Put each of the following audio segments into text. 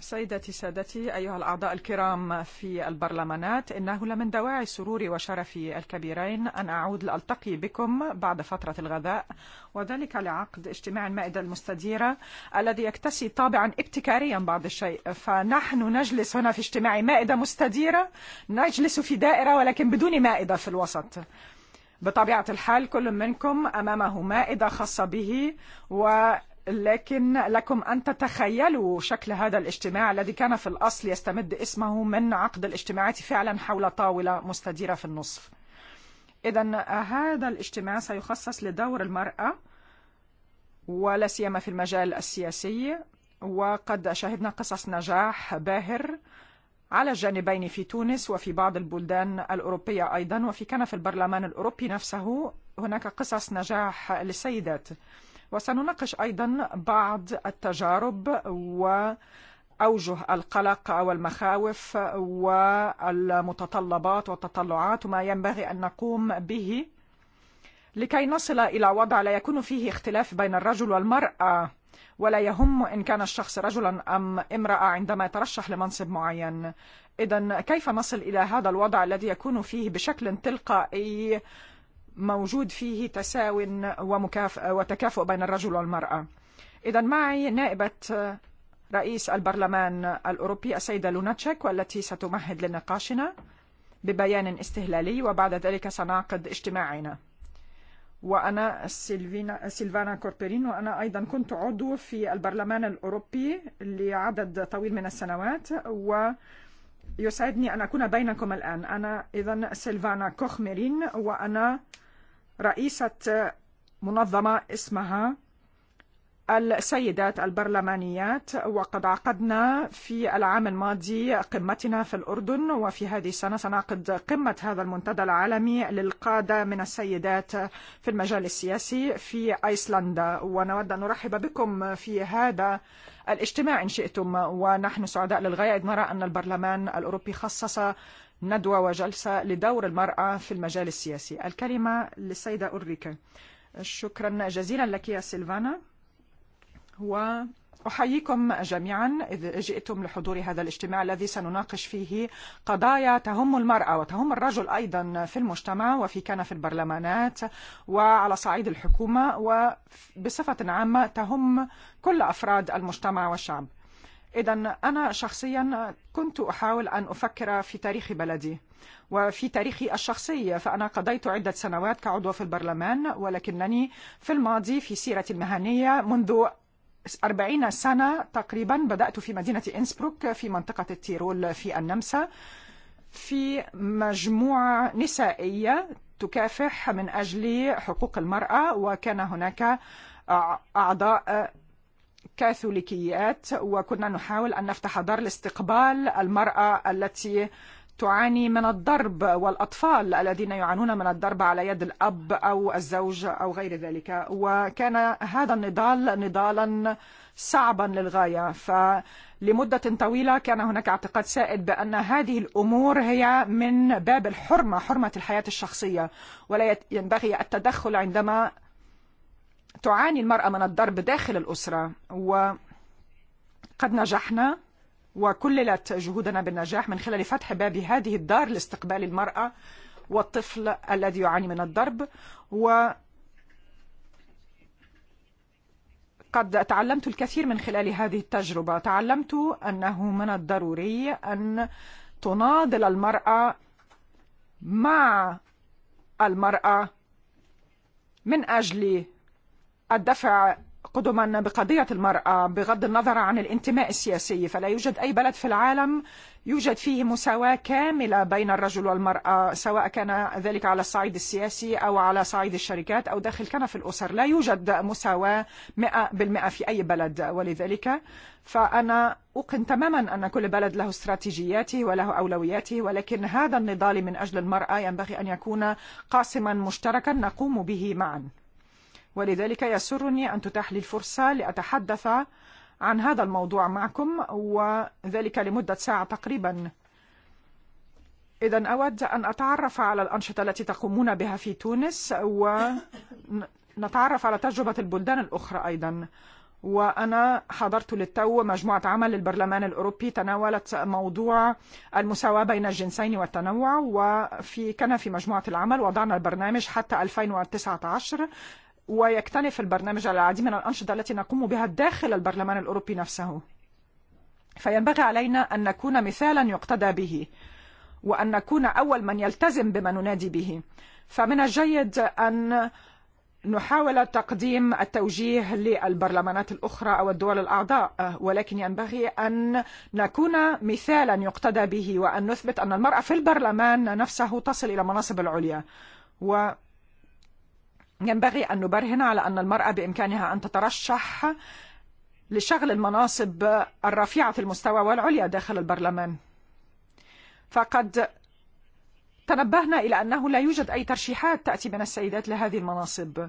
سيدتي سادتي أيها الأعضاء الكرام في البرلمانات إنه لمن دواعي سروري وشرفي الكبيرين أن أعود لألتقي بكم بعد فترة الغذاء وذلك لعقد اجتماع المائدة المستديرة الذي يكتسي طابعا ابتكاريا بعض الشيء فنحن نجلس هنا في اجتماع مائدة مستديرة نجلس في دائرة ولكن بدون مائدة في الوسط بطبيعة الحال كل منكم أمامه مائدة خاصة به و لكن لكم أن تتخيلوا شكل هذا الاجتماع الذي كان في الأصل يستمد اسمه من عقد الاجتماعات فعلا حول طاولة مستديرة في النصف إذا هذا الاجتماع سيخصص لدور المرأة ولا سيما في المجال السياسي وقد شهدنا قصص نجاح باهر على الجانبين في تونس وفي بعض البلدان الأوروبية أيضا وفي كان في البرلمان الأوروبي نفسه هناك قصص نجاح للسيدات وسنناقش أيضا بعض التجارب وأوجه أوجه القلق والمخاوف والمتطلبات والتطلعات وما ينبغي أن نقوم به لكي نصل إلى وضع لا يكون فيه اختلاف بين الرجل والمرأة ولا يهم إن كان الشخص رجلا أم امرأة عندما يترشح لمنصب معين إذا كيف نصل إلى هذا الوضع الذي يكون فيه بشكل تلقائي موجود فيه تساو ومكافأة وتكافؤ بين الرجل والمرأة إذا معي نائبة رئيس البرلمان الأوروبي السيدة لوناتشيك والتي ستمهد لنقاشنا ببيان استهلالي وبعد ذلك سنعقد اجتماعنا وأنا سيلفينا سيلفانا كوربرين وأنا أيضا كنت عضو في البرلمان الأوروبي لعدد طويل من السنوات و يسعدني أن أكون بينكم الآن أنا إذا سيلفانا كوخمرين وأنا رئيسة منظمة اسمها السيدات البرلمانيات وقد عقدنا في العام الماضي قمتنا في الأردن وفي هذه السنة سنعقد قمة هذا المنتدى العالمي للقادة من السيدات في المجال السياسي في أيسلندا ونود أن نرحب بكم في هذا الاجتماع إن شئتم ونحن سعداء للغاية إذ نرى أن البرلمان الأوروبي خصص ندوة وجلسة لدور المرأة في المجال السياسي الكلمة للسيدة أوريكا شكرا جزيلا لك يا سيلفانا وأحييكم جميعا إذ جئتم لحضور هذا الاجتماع الذي سنناقش فيه قضايا تهم المرأة وتهم الرجل أيضا في المجتمع وفي كان في البرلمانات وعلى صعيد الحكومة وبصفة عامة تهم كل أفراد المجتمع والشعب إذا أنا شخصيا كنت أحاول أن أفكر في تاريخ بلدي وفي تاريخي الشخصي فأنا قضيت عدة سنوات كعضو في البرلمان ولكنني في الماضي في سيرتي المهنية منذ 40 سنة تقريبا بدأت في مدينة إنسبروك في منطقة التيرول في النمسا في مجموعة نسائية تكافح من أجل حقوق المرأة وكان هناك أعضاء كاثوليكيات وكنا نحاول أن نفتح دار لاستقبال المرأة التي تعاني من الضرب والأطفال الذين يعانون من الضرب على يد الأب أو الزوج أو غير ذلك وكان هذا النضال نضالا صعبا للغاية فلمدة طويلة كان هناك اعتقاد سائد بأن هذه الأمور هي من باب الحرمة حرمة الحياة الشخصية ولا ينبغي التدخل عندما تعاني المرأة من الضرب داخل الأسرة وقد نجحنا وكللت جهودنا بالنجاح من خلال فتح باب هذه الدار لاستقبال المرأة والطفل الذي يعاني من الضرب و قد تعلمت الكثير من خلال هذه التجربة تعلمت أنه من الضروري أن تناضل المرأة مع المرأة من أجل الدفع قدما بقضية المرأة بغض النظر عن الانتماء السياسي فلا يوجد أي بلد في العالم يوجد فيه مساواة كاملة بين الرجل والمرأة سواء كان ذلك على الصعيد السياسي أو على صعيد الشركات أو داخل كنف الأسر لا يوجد مساواة مئة بالمئة في أي بلد ولذلك فأنا أوقن تماما أن كل بلد له استراتيجياته وله أولوياته ولكن هذا النضال من أجل المرأة ينبغي أن يكون قاسما مشتركا نقوم به معا ولذلك يسرني أن تتاح لي الفرصة لأتحدث عن هذا الموضوع معكم وذلك لمدة ساعة تقريبا إذا أود أن أتعرف على الأنشطة التي تقومون بها في تونس ونتعرف على تجربة البلدان الأخرى أيضا وأنا حضرت للتو مجموعة عمل للبرلمان الأوروبي تناولت موضوع المساواة بين الجنسين والتنوع وفي كان في مجموعة العمل وضعنا البرنامج حتى 2019 ويكتنف البرنامج على العديد من الأنشطة التي نقوم بها داخل البرلمان الأوروبي نفسه فينبغي علينا أن نكون مثالا يقتدى به وأن نكون أول من يلتزم بما ننادي به فمن الجيد أن نحاول تقديم التوجيه للبرلمانات الأخرى أو الدول الأعضاء ولكن ينبغي أن نكون مثالا يقتدى به وأن نثبت أن المرأة في البرلمان نفسه تصل إلى مناصب العليا و ينبغي أن نبرهن على أن المرأة بإمكانها أن تترشح لشغل المناصب الرفيعة في المستوى والعليا داخل البرلمان فقد تنبهنا إلى أنه لا يوجد أي ترشيحات تأتي من السيدات لهذه المناصب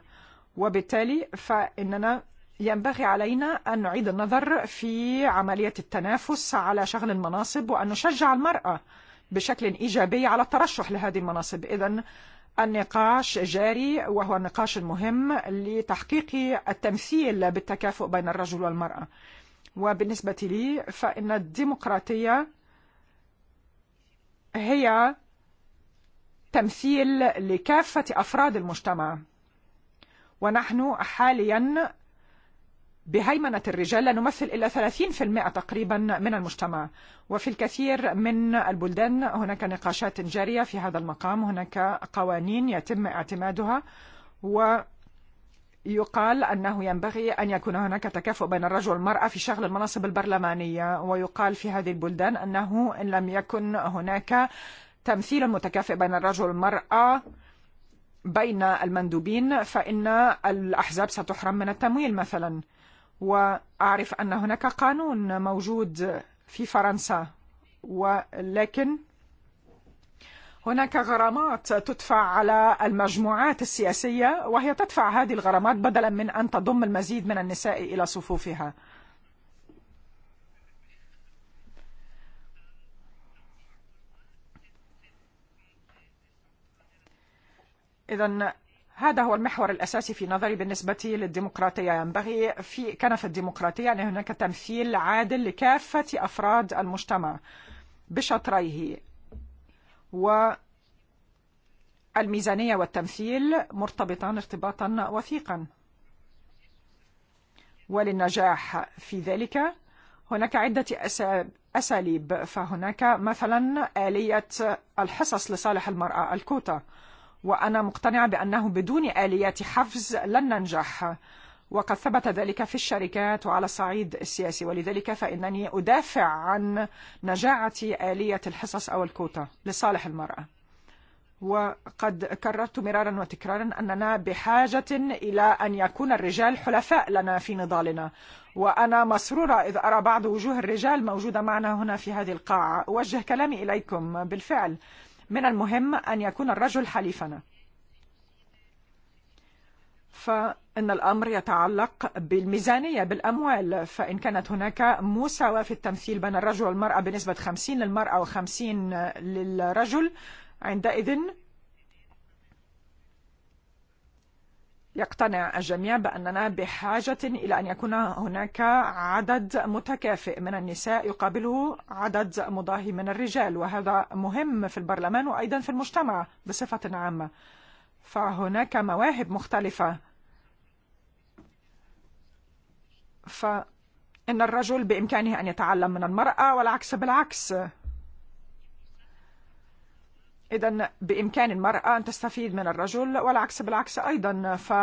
وبالتالي فإننا ينبغي علينا أن نعيد النظر في عملية التنافس على شغل المناصب وأن نشجع المرأة بشكل إيجابي على الترشح لهذه المناصب إذن النقاش جاري وهو النقاش المهم لتحقيق التمثيل بالتكافؤ بين الرجل والمرأة وبالنسبة لي فإن الديمقراطية هي تمثيل لكافة أفراد المجتمع ونحن حاليا بهيمنة الرجال لا نمثل إلا 30% تقريبا من المجتمع وفي الكثير من البلدان هناك نقاشات جارية في هذا المقام هناك قوانين يتم اعتمادها ويقال أنه ينبغي أن يكون هناك تكافؤ بين الرجل والمرأة في شغل المناصب البرلمانية ويقال في هذه البلدان أنه إن لم يكن هناك تمثيل متكافئ بين الرجل والمرأة بين المندوبين فإن الأحزاب ستحرم من التمويل مثلاً وأعرف أن هناك قانون موجود في فرنسا ولكن هناك غرامات تدفع على المجموعات السياسية وهي تدفع هذه الغرامات بدلا من أن تضم المزيد من النساء إلى صفوفها إذا هذا هو المحور الأساسي في نظري بالنسبة للديمقراطية ينبغي في كنف الديمقراطية أن هناك تمثيل عادل لكافة أفراد المجتمع بشطريه والميزانية والتمثيل مرتبطان ارتباطا وثيقا وللنجاح في ذلك هناك عدة أساليب فهناك مثلا آلية الحصص لصالح المرأة الكوتا وأنا مقتنعة بأنه بدون آليات حفز لن ننجح وقد ثبت ذلك في الشركات وعلى الصعيد السياسي ولذلك فإنني أدافع عن نجاعة آلية الحصص أو الكوتا لصالح المرأة وقد كررت مرارا وتكرارا أننا بحاجة إلى أن يكون الرجال حلفاء لنا في نضالنا وأنا مسرورة إذ أرى بعض وجوه الرجال موجودة معنا هنا في هذه القاعة أوجه كلامي إليكم بالفعل من المهم أن يكون الرجل حليفنا فإن الأمر يتعلق بالميزانية بالأموال فإن كانت هناك مساواة في التمثيل بين الرجل والمرأة بنسبة 50 للمرأة و50 للرجل عندئذ يقتنع الجميع بأننا بحاجة إلى أن يكون هناك عدد متكافئ من النساء يقابله عدد مضاهي من الرجال وهذا مهم في البرلمان وأيضا في المجتمع بصفة عامة فهناك مواهب مختلفة فإن الرجل بإمكانه أن يتعلم من المرأة والعكس بالعكس idan bimkien il-mar'a tistafid minn ar-raġul wal aks bil-aks ajdan fa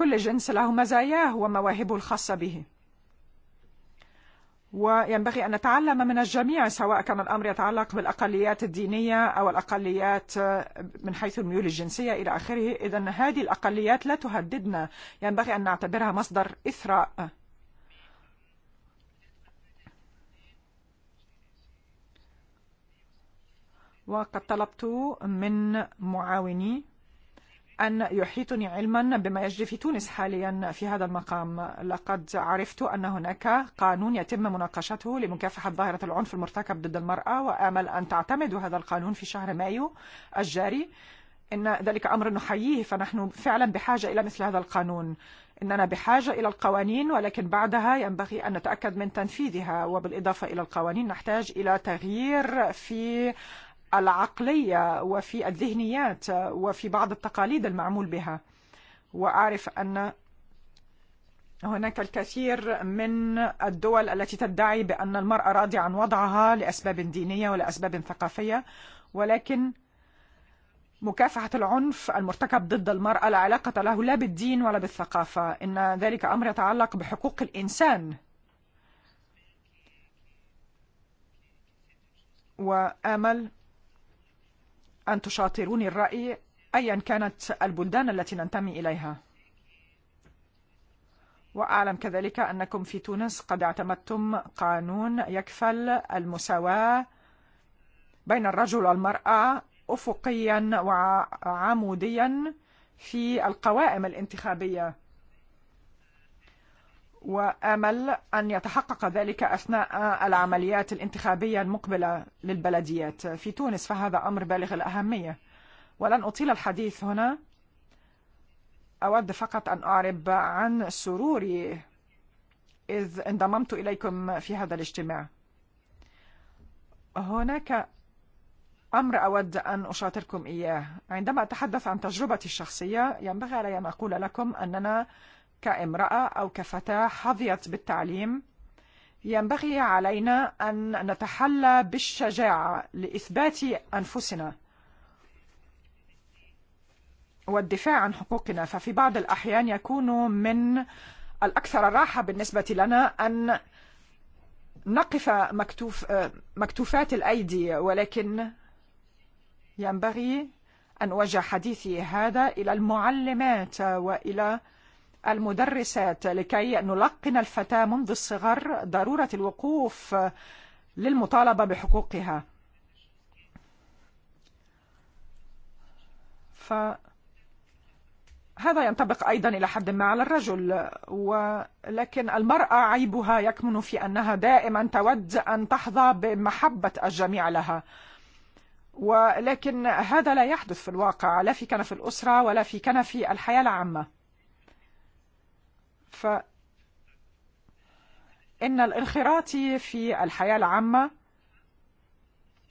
kulli ġins lahu mażajjah huwa mawahibu l-ħassa bihi. Wa jenbaħi għanna ta'allam minn ġamija sawa kam l-amri jatallak bil-aqalijat d-dinija aw l-aqalijat minn ħajtu l-mjuli ġinsija ila aħirħi idan ħadi l-aqalijat la tuħaddidna jenbaħi għanna ta'berha masdar ithra' وقد طلبت من معاوني أن يحيطني علما بما يجري في تونس حاليا في هذا المقام لقد عرفت أن هناك قانون يتم مناقشته لمكافحة ظاهرة العنف المرتكب ضد المرأة وأمل أن تعتمد هذا القانون في شهر مايو الجاري إن ذلك أمر نحييه فنحن فعلا بحاجة إلى مثل هذا القانون إننا بحاجة إلى القوانين ولكن بعدها ينبغي أن نتأكد من تنفيذها وبالإضافة إلى القوانين نحتاج إلى تغيير في العقلية وفي الذهنيات وفي بعض التقاليد المعمول بها وأعرف أن هناك الكثير من الدول التي تدعي بأن المرأة راضية عن وضعها لأسباب دينية ولأسباب ثقافية ولكن مكافحة العنف المرتكب ضد المرأة لا علاقة له لا بالدين ولا بالثقافة إن ذلك أمر يتعلق بحقوق الإنسان وآمل أن تشاطروني الرأي أيا كانت البلدان التي ننتمي إليها وأعلم كذلك أنكم في تونس قد اعتمدتم قانون يكفل المساواة بين الرجل والمرأة أفقيا وعموديا في القوائم الانتخابية وآمل أن يتحقق ذلك أثناء العمليات الانتخابية المقبلة للبلديات في تونس فهذا أمر بالغ الأهمية ولن أطيل الحديث هنا أود فقط أن أعرب عن سروري إذ انضممت إليكم في هذا الاجتماع هناك أمر أود أن أشاطركم إياه عندما أتحدث عن تجربتي الشخصية ينبغي علي أن أقول لكم أننا كامرأة أو كفتاة حظيت بالتعليم ينبغي علينا أن نتحلى بالشجاعة لإثبات أنفسنا والدفاع عن حقوقنا ففي بعض الأحيان يكون من الأكثر راحة بالنسبة لنا أن نقف مكتوف مكتوفات الأيدي ولكن ينبغي أن وجه حديثي هذا إلى المعلمات وإلى المدرسات لكي نلقن الفتاة منذ الصغر ضرورة الوقوف للمطالبة بحقوقها ف هذا ينطبق أيضا إلى حد ما على الرجل ولكن المرأة عيبها يكمن في أنها دائما تود أن تحظى بمحبة الجميع لها ولكن هذا لا يحدث في الواقع لا في كنف الأسرة ولا في كنف الحياة العامة ف إن الانخراط في الحياة العامة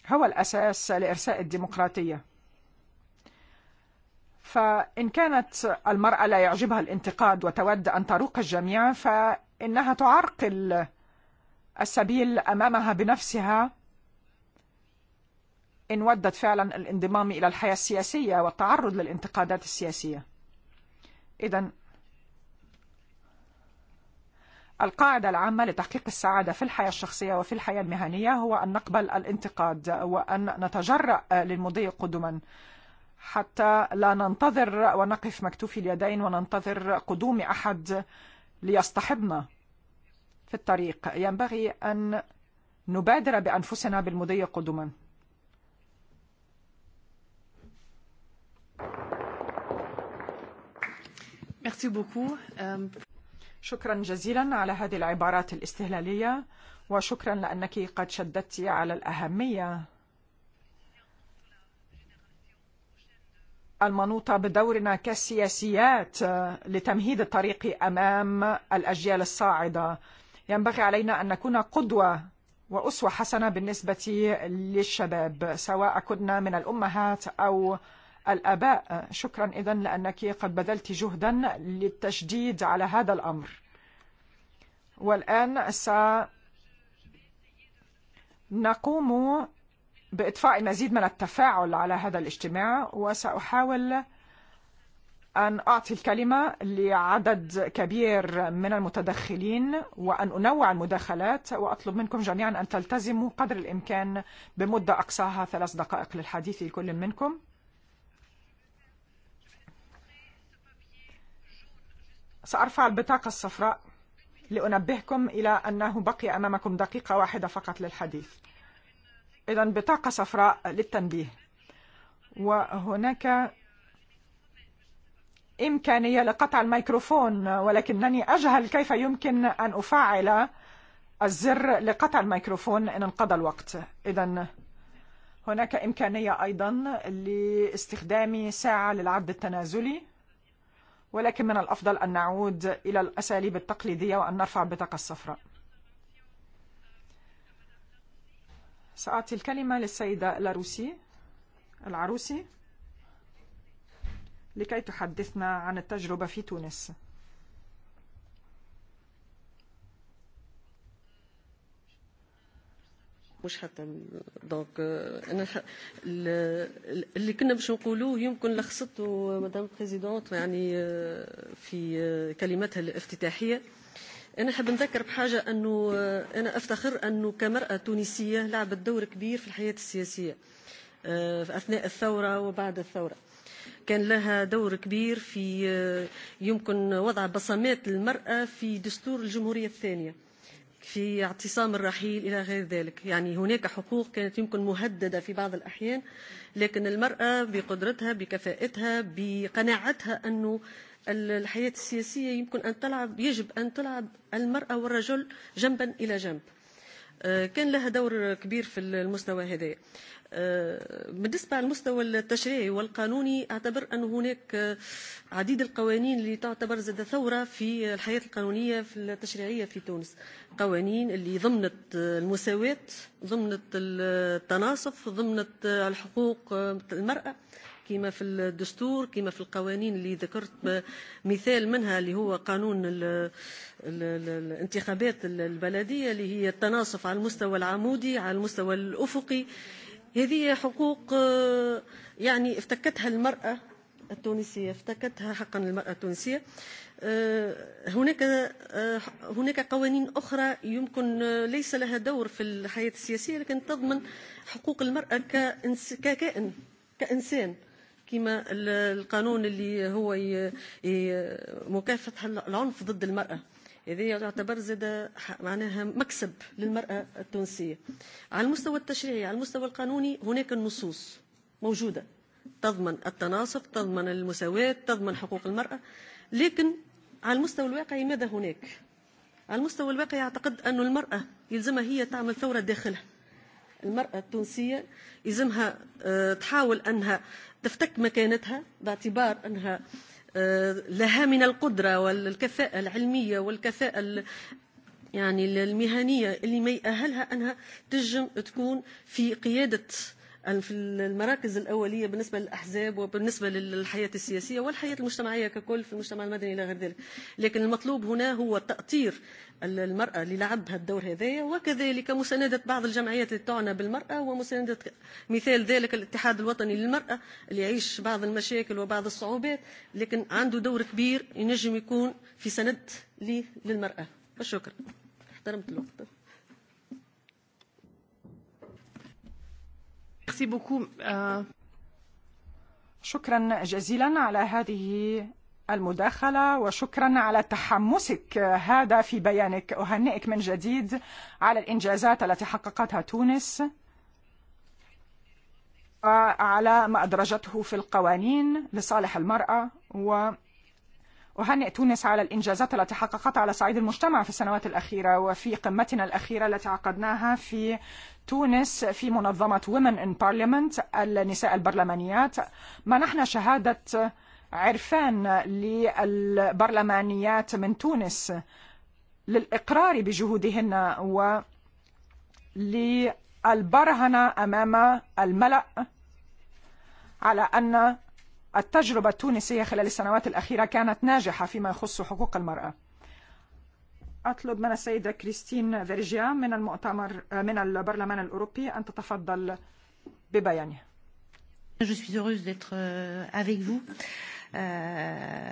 هو الأساس لإرساء الديمقراطية فإن كانت المرأة لا يعجبها الانتقاد وتود أن تروق الجميع فإنها تعرقل السبيل أمامها بنفسها إن ودت فعلا الانضمام إلى الحياة السياسية والتعرض للانتقادات السياسية إذا القاعدة العامة لتحقيق السعادة في الحياة الشخصية وفي الحياة المهنية هو أن نقبل الانتقاد وأن نتجرأ للمضي قدما حتى لا ننتظر ونقف مكتوفي اليدين وننتظر قدوم أحد ليصطحبنا في الطريق ينبغي أن نبادر بأنفسنا بالمضي قدما Merci beaucoup. Um... شكرا جزيلا على هذه العبارات الاستهلالية وشكرا لأنك قد شددت على الأهمية المنوطة بدورنا كسياسيات لتمهيد الطريق أمام الأجيال الصاعدة ينبغي علينا أن نكون قدوة وأسوة حسنة بالنسبة للشباب سواء كنا من الأمهات أو الأباء شكرا إذن لأنك قد بذلت جهدا للتشديد على هذا الأمر والآن سنقوم بإطفاء مزيد من التفاعل على هذا الاجتماع وسأحاول أن أعطي الكلمة لعدد كبير من المتدخلين وأن أنوع المداخلات وأطلب منكم جميعا أن تلتزموا قدر الإمكان بمدة أقصاها ثلاث دقائق للحديث لكل منكم سأرفع البطاقة الصفراء لأنبهكم إلى أنه بقي أمامكم دقيقة واحدة فقط للحديث إذا بطاقة صفراء للتنبيه وهناك إمكانية لقطع الميكروفون ولكنني أجهل كيف يمكن أن أفعل الزر لقطع الميكروفون إن انقضى الوقت إذا هناك إمكانية أيضا لاستخدام ساعة للعرض التنازلي ولكن من الأفضل أن نعود إلى الأساليب التقليدية وأن نرفع بطاقة الصفراء سأعطي الكلمة للسيدة لاروسي العروسي لكي تحدثنا عن التجربة في تونس مش حتى دونك انا اللي كنا باش نقولوه يمكن لخصته مدام بريزيدونت يعني في كلمتها الافتتاحيه انا حاب نذكر بحاجه انه انا افتخر انه كمراه تونسيه لعبت دور كبير في الحياه السياسيه في اثناء الثوره وبعد الثوره كان لها دور كبير في يمكن وضع بصمات المراه في دستور الجمهوريه الثانيه في اعتصام الرحيل إلى غير ذلك يعني هناك حقوق كانت يمكن مهددة في بعض الأحيان لكن المرأة بقدرتها بكفاءتها بقناعتها أنه الحياة السياسية يمكن أن تلعب يجب أن تلعب المرأة والرجل جنبا إلى جنب كان لها دور كبير في المستوى هذا بالنسبة للمستوى التشريعي والقانوني أعتبر أن هناك عديد القوانين اللي تعتبر زاد ثورة في الحياة القانونية في التشريعية في تونس قوانين اللي ضمنت المساواة ضمنت التناصف ضمنت الحقوق المرأة كما في الدستور كما في القوانين اللي ذكرت مثال منها اللي هو قانون ال ال ال الانتخابات البلدية اللي هي التناصف على المستوى العمودي على المستوى الأفقي هذه حقوق يعني افتكتها المرأة التونسية افتكتها حقا المرأة التونسية هناك هناك قوانين أخرى يمكن ليس لها دور في الحياة السياسية لكن تضمن حقوق المرأة ككائن كإنسان كما القانون اللي هو مكافحة العنف ضد المرأة هذا يعتبر زاد معناها مكسب للمرأة التونسية على المستوى التشريعي على المستوى القانوني هناك النصوص موجودة تضمن التناصف تضمن المساواة تضمن حقوق المرأة لكن على المستوى الواقعي ماذا هناك على المستوى الواقعي يعتقد أن المرأة يلزمها هي تعمل ثورة داخلها المرأة التونسية يلزمها تحاول أنها تفتك مكانتها باعتبار أنها لها من القدرة والكفاءة العلمية والكفاءة يعني المهنية اللي ما يأهلها أنها تجم تكون في قيادة في المراكز الأولية بالنسبة للأحزاب وبالنسبة للحياة السياسية والحياة المجتمعية ككل في المجتمع المدني إلى غير ذلك لكن المطلوب هنا هو تأطير المرأة للعبها الدور هذايا وكذلك مساندة بعض الجمعيات اللي تعنى بالمرأة ومساندة مثال ذلك الاتحاد الوطني للمرأة اللي يعيش بعض المشاكل وبعض الصعوبات لكن عنده دور كبير ينجم يكون في سند للمرأة وشكرا احترمت الوقت Merci beaucoup. Euh, شكرا جزيلا على هذه المداخلة وشكرا على تحمسك هذا في بيانك أهنئك من جديد على الإنجازات التي حققتها تونس على ما أدرجته في القوانين لصالح المرأة وعلى وهنئ تونس على الإنجازات التي حققتها على صعيد المجتمع في السنوات الأخيرة وفي قمتنا الأخيرة التي عقدناها في تونس في منظمة Women in Parliament النساء البرلمانيات منحنا شهادة عرفان للبرلمانيات من تونس للإقرار بجهودهن وللبرهنة أمام الملأ على أن التجربة التونسية خلال السنوات الأخيرة كانت ناجحة فيما يخص حقوق المرأة أطلب من السيدة كريستين فيرجيا من المؤتمر من البرلمان الأوروبي أن تتفضل ببيانها Je suis heureuse d'être euh, avec vous. Euh...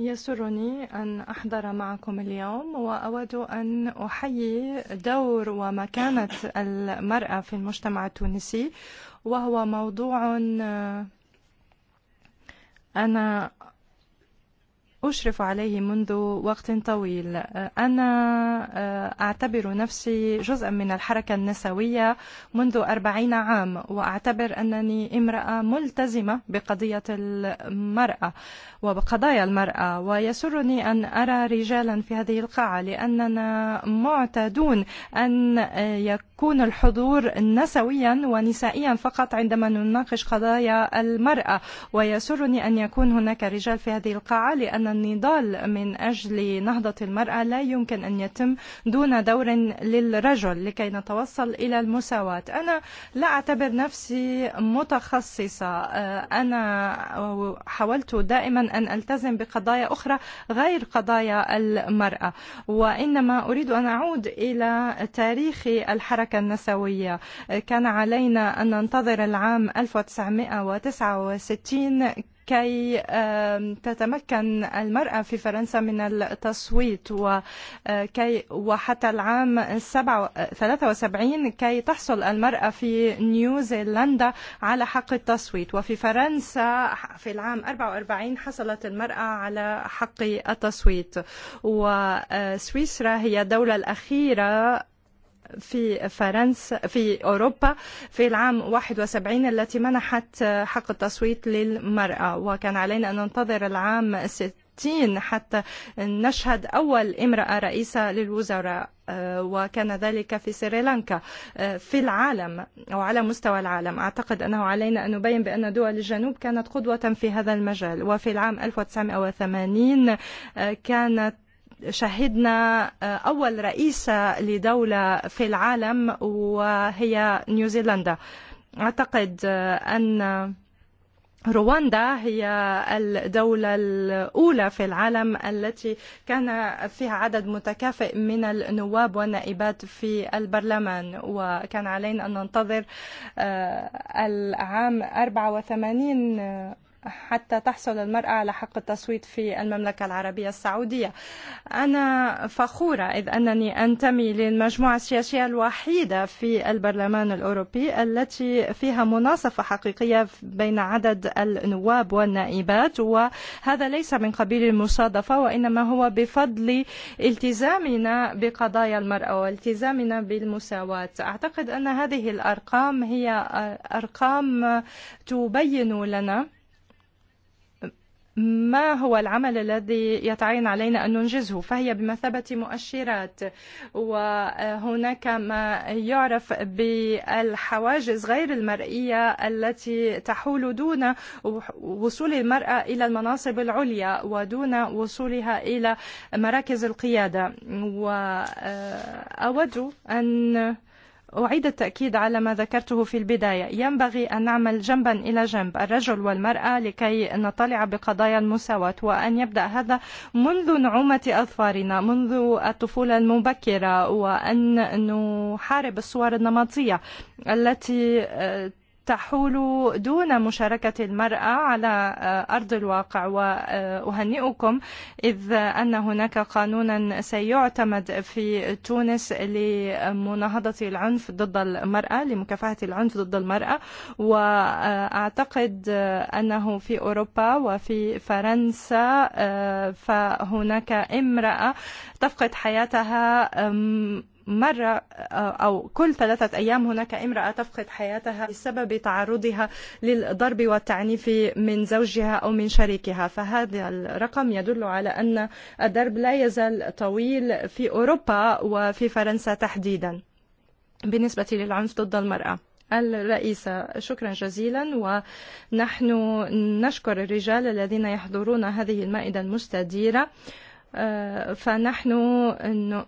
يسرني أن أحضر معكم اليوم وأود أن أحيي دور ومكانة المرأة في المجتمع التونسي وهو موضوع أنا أشرف عليه منذ وقت طويل أنا أعتبر نفسي جزءا من الحركة النسوية منذ أربعين عام وأعتبر أنني امرأة ملتزمة بقضية المرأة وبقضايا المرأة ويسرني أن أرى رجالا في هذه القاعة لأننا معتادون أن يكون الحضور نسويا ونسائيا فقط عندما نناقش قضايا المرأة ويسرني أن يكون هناك رجال في هذه القاعة لأننا النضال من أجل نهضة المرأة لا يمكن أن يتم دون دور للرجل لكي نتوصل إلى المساواة أنا لا أعتبر نفسي متخصصة أنا حاولت دائما أن ألتزم بقضايا أخرى غير قضايا المرأة وإنما أريد أن أعود إلى تاريخ الحركة النسوية كان علينا أن ننتظر العام 1969 كي تتمكن المرأة في فرنسا من التصويت وكي وحتى العام 73 كي تحصل المرأة في نيوزيلندا على حق التصويت وفي فرنسا في العام 44 حصلت المرأة على حق التصويت وسويسرا هي al الأخيرة في فرنسا في أوروبا في العام 71 التي منحت حق التصويت للمرأة وكان علينا أن ننتظر العام 60 حتى نشهد أول امرأة رئيسة للوزراء وكان ذلك في سريلانكا في العالم أو على مستوى العالم أعتقد أنه علينا أن نبين بأن دول الجنوب كانت قدوة في هذا المجال وفي العام 1980 كانت شهدنا أول رئيسة لدولة في العالم وهي نيوزيلندا أعتقد أن رواندا هي الدولة الأولى في العالم التي كان فيها عدد متكافئ من النواب والنائبات في البرلمان وكان علينا أن ننتظر العام 84 حتى تحصل المرأة على حق التصويت في المملكة العربية السعودية أنا فخورة إذ أنني أنتمي للمجموعة السياسية الوحيدة في البرلمان الأوروبي التي فيها مناصفة حقيقية بين عدد النواب والنائبات وهذا ليس من قبيل المصادفة وإنما هو بفضل التزامنا بقضايا المرأة والتزامنا بالمساواة أعتقد أن هذه الأرقام هي أرقام تبين لنا ما هو العمل الذي يتعين علينا أن ننجزه فهي بمثابة مؤشرات وهناك ما يعرف بالحواجز غير المرئية التي تحول دون وصول المرأة إلى المناصب العليا ودون وصولها إلى مراكز القيادة وأود أن أعيد التأكيد على ما ذكرته في البداية ينبغي أن نعمل جنبا إلى جنب الرجل والمرأة لكي نطلع بقضايا المساواة وأن يبدأ هذا منذ نعومة أظفارنا منذ الطفولة المبكرة وأن نحارب الصور النمطية التي تحول دون مشاركة المرأة على أرض الواقع وأهنئكم إذ أن هناك قانونا سيعتمد في تونس لمناهضة العنف ضد المرأة لمكافحة العنف ضد المرأة وأعتقد أنه في أوروبا وفي فرنسا فهناك امرأة تفقد حياتها مرة أو كل ثلاثة أيام هناك امرأة تفقد حياتها بسبب تعرضها للضرب والتعنيف من زوجها أو من شريكها فهذا الرقم يدل على أن الضرب لا يزال طويل في أوروبا وفي فرنسا تحديدا بالنسبة للعنف ضد المرأة الرئيسة شكرا جزيلا ونحن نشكر الرجال الذين يحضرون هذه المائدة المستديرة فنحن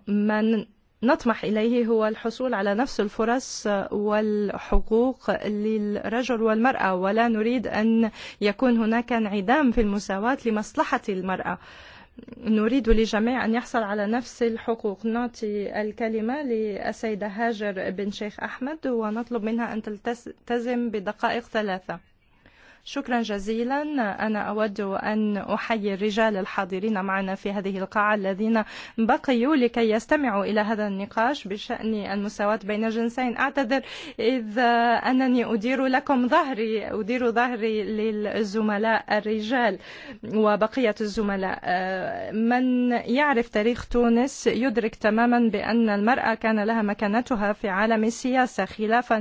من نطمح إليه هو الحصول على نفس الفرص والحقوق للرجل والمرأة ولا نريد أن يكون هناك انعدام في المساواة لمصلحة المرأة نريد لجميع أن يحصل على نفس الحقوق نعطي الكلمة للسيدة هاجر بن شيخ أحمد ونطلب منها أن تلتزم بدقائق ثلاثة شكرا جزيلا أنا أود أن أحيي الرجال الحاضرين معنا في هذه القاعة الذين بقيوا لكي يستمعوا إلى هذا النقاش بشأن المساواة بين الجنسين أعتذر إذ أنني أدير لكم ظهري أدير ظهري للزملاء الرجال وبقية الزملاء من يعرف تاريخ تونس يدرك تماما بأن المرأة كان لها مكانتها في عالم السياسة خلافا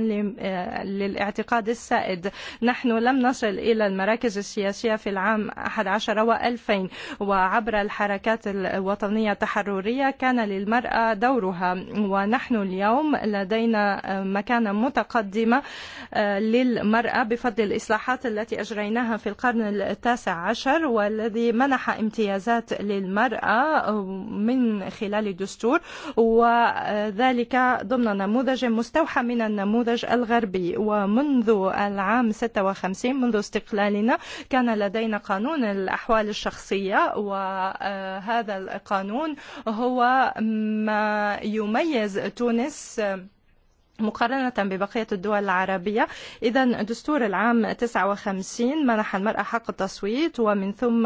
للاعتقاد السائد نحن لم نصل تصل إلى المراكز السياسية في العام 11 و2000 وعبر الحركات الوطنية التحررية كان للمرأة دورها ونحن اليوم لدينا مكانة متقدمة للمرأة بفضل الإصلاحات التي أجريناها في القرن التاسع عشر والذي منح امتيازات للمرأة من خلال الدستور وذلك ضمن نموذج مستوحى من النموذج الغربي ومنذ العام 56 منذ استقلالنا كان لدينا قانون الأحوال الشخصية وهذا القانون هو ما يميز تونس مقارنة ببقية الدول العربية إذا دستور العام 59 منح المرأة حق التصويت ومن ثم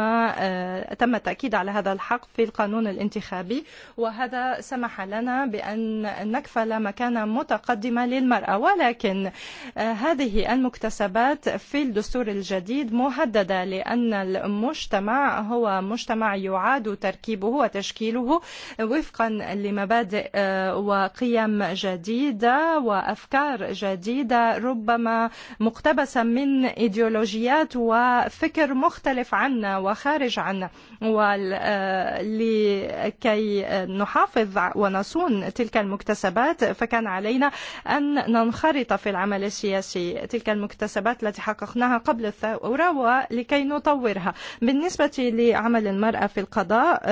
تم التأكيد على هذا الحق في القانون الانتخابي وهذا سمح لنا بأن نكفل مكانة متقدمة للمرأة ولكن هذه المكتسبات في الدستور الجديد مهددة لأن المجتمع هو مجتمع يعاد تركيبه وتشكيله وفقا لمبادئ وقيم جديدة وأفكار جديدة ربما مقتبسة من إيديولوجيات وفكر مختلف عنا وخارج عنا ولكي نحافظ ونصون تلك المكتسبات فكان علينا أن ننخرط في العمل السياسي تلك المكتسبات التي حققناها قبل الثورة ولكي نطورها بالنسبة لعمل المرأة في القضاء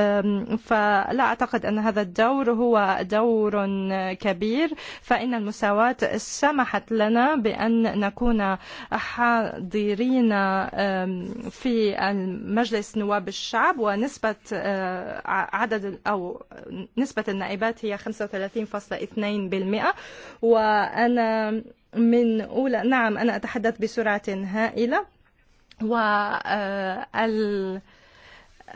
فلا أعتقد أن هذا الدور هو دور كبير فإن المس السنوات سمحت لنا بأن نكون حاضرين في مجلس نواب الشعب ونسبة عدد أو نسبة النائبات هي 35.2% وأنا من أولى نعم أنا أتحدث بسرعة هائلة وال